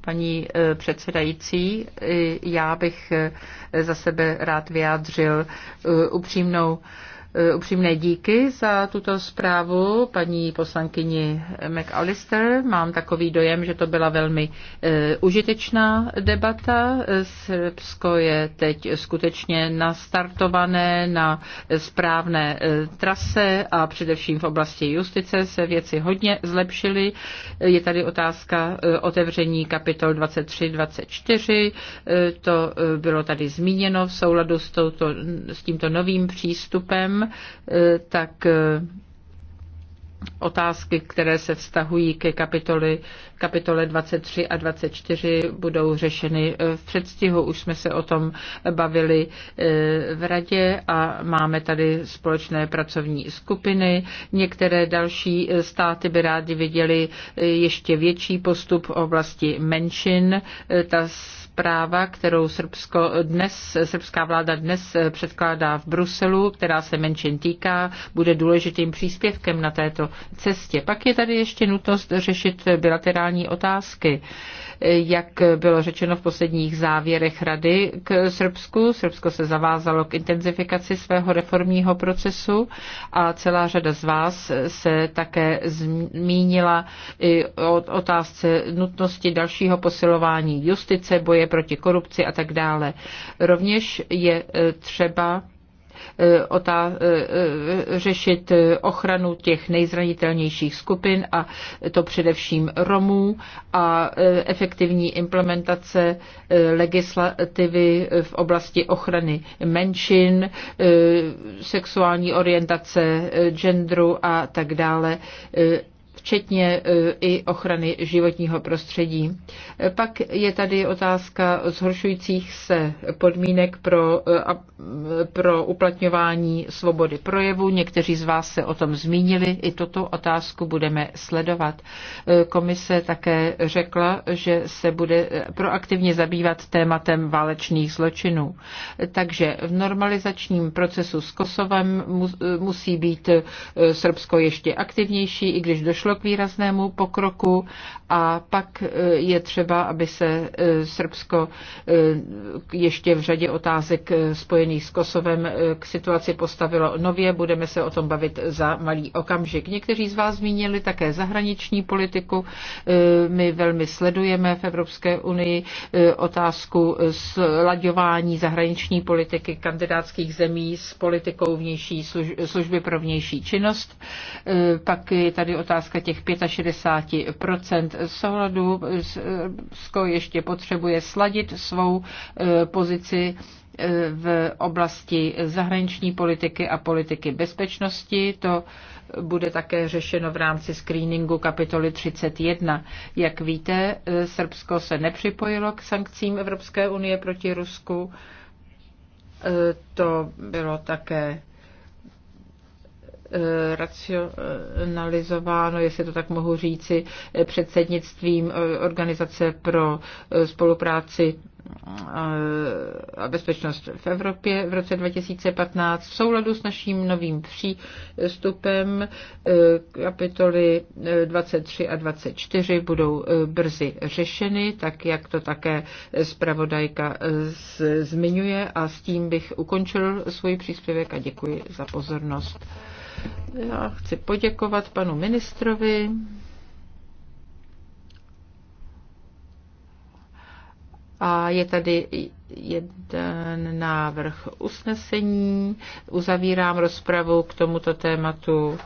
paní eh, předsedající. Já bych za sebe rád vyjádřil upřímnou Eh, upřímné díky za tuto zprávu paní poslankyni McAllister. Mám takový dojem, že to byla velmi eh, užitečná debata. Srbsko je teď skutečně nastartované na správné eh, trase a především v oblasti justice se věci hodně zlepšily. Je tady otázka otevření kapitol 23-24. To bylo tady zmíněno v souladu s, touto, s tímto novým přístupem tak eh, otázky, které se vztahují ke kapitoli, kapitole 23 a 24, budou řešeny eh, v předstihu. Už jsme se o tom bavili eh, v radě a máme tady společné pracovní skupiny. Některé další státy by rádi viděli ještě větší postup v oblasti menšin. Ta zpráva, kterou Srbsko dnes, srbská vláda dnes předkládá v Bruselu, která se menšin týká, bude důležitým příspěvkem na této cestě. Pak je tady ještě nutnost řešit bilaterální otázky. Jak bylo řečeno v posledních závěrech Rady k Srbsku, Srbsko se zavázalo k intenzifikaci svého reformního procesu a celá řada z vás se také zmínila i o otázce nutnosti dalšího posilování justice, boje boje proti korupci a tak dále. Rovněž je e, třeba e, otá, e, řešit ochranu těch nejzranitelnějších skupin a to především Romů a efektivní implementace legislativy v oblasti ochrany menšin, sexuální orientace, genderu a tak dále včetně e, i ochrany životního prostředí. E, pak je tady otázka zhoršujících se podmínek pro, e, pro uplatňování svobody projevu. Někteří z vás se o tom zmínili, i toto otázku budeme sledovat. Komise také řekla, že se bude proaktivně zabývat tématem válečných zločinů. Takže v normalizačním procesu s Kosovem musí být Srbsko ještě aktivnější, i když došlo došlo k výraznému pokroku a pak e, je třeba, aby se e, Srbsko e, ještě v řadě otázek spojených s Kosovem k situaci postavilo nově. Budeme se o tom bavit za malý okamžik. Někteří z vás zmínili také zahraniční politiku. My velmi sledujeme v Evropské unii otázku slaďování zahraniční politiky kandidátských zemí s politikou vnější služby pro vnější činnost. Pak je tady otázka těch 65 souladu. Rusko ještě potřebuje sladit svou e, pozici e, v oblasti zahraniční politiky a politiky bezpečnosti. To bude také řešeno v rámci screeningu kapitoly 31. Jak víte, e, Srbsko se nepřipojilo k sankcím Evropské unie proti Rusku. To bylo také Eh, racionalizováno, jestli to tak mohu říci, eh, předsednictvím eh, Organizace pro spolupráci a bezpečnost v Evropě v roce 2015 v souladu s naším novým přístupem kapitoly 23 a 24 budou brzy řešeny, tak jak to také zpravodajka zmiňuje a s tím bych ukončil svůj příspěvek a děkuji za pozornost. Já chci poděkovat panu ministrovi. A je tady jeden návrh usnesení. Uzavírám rozpravu k tomuto tématu.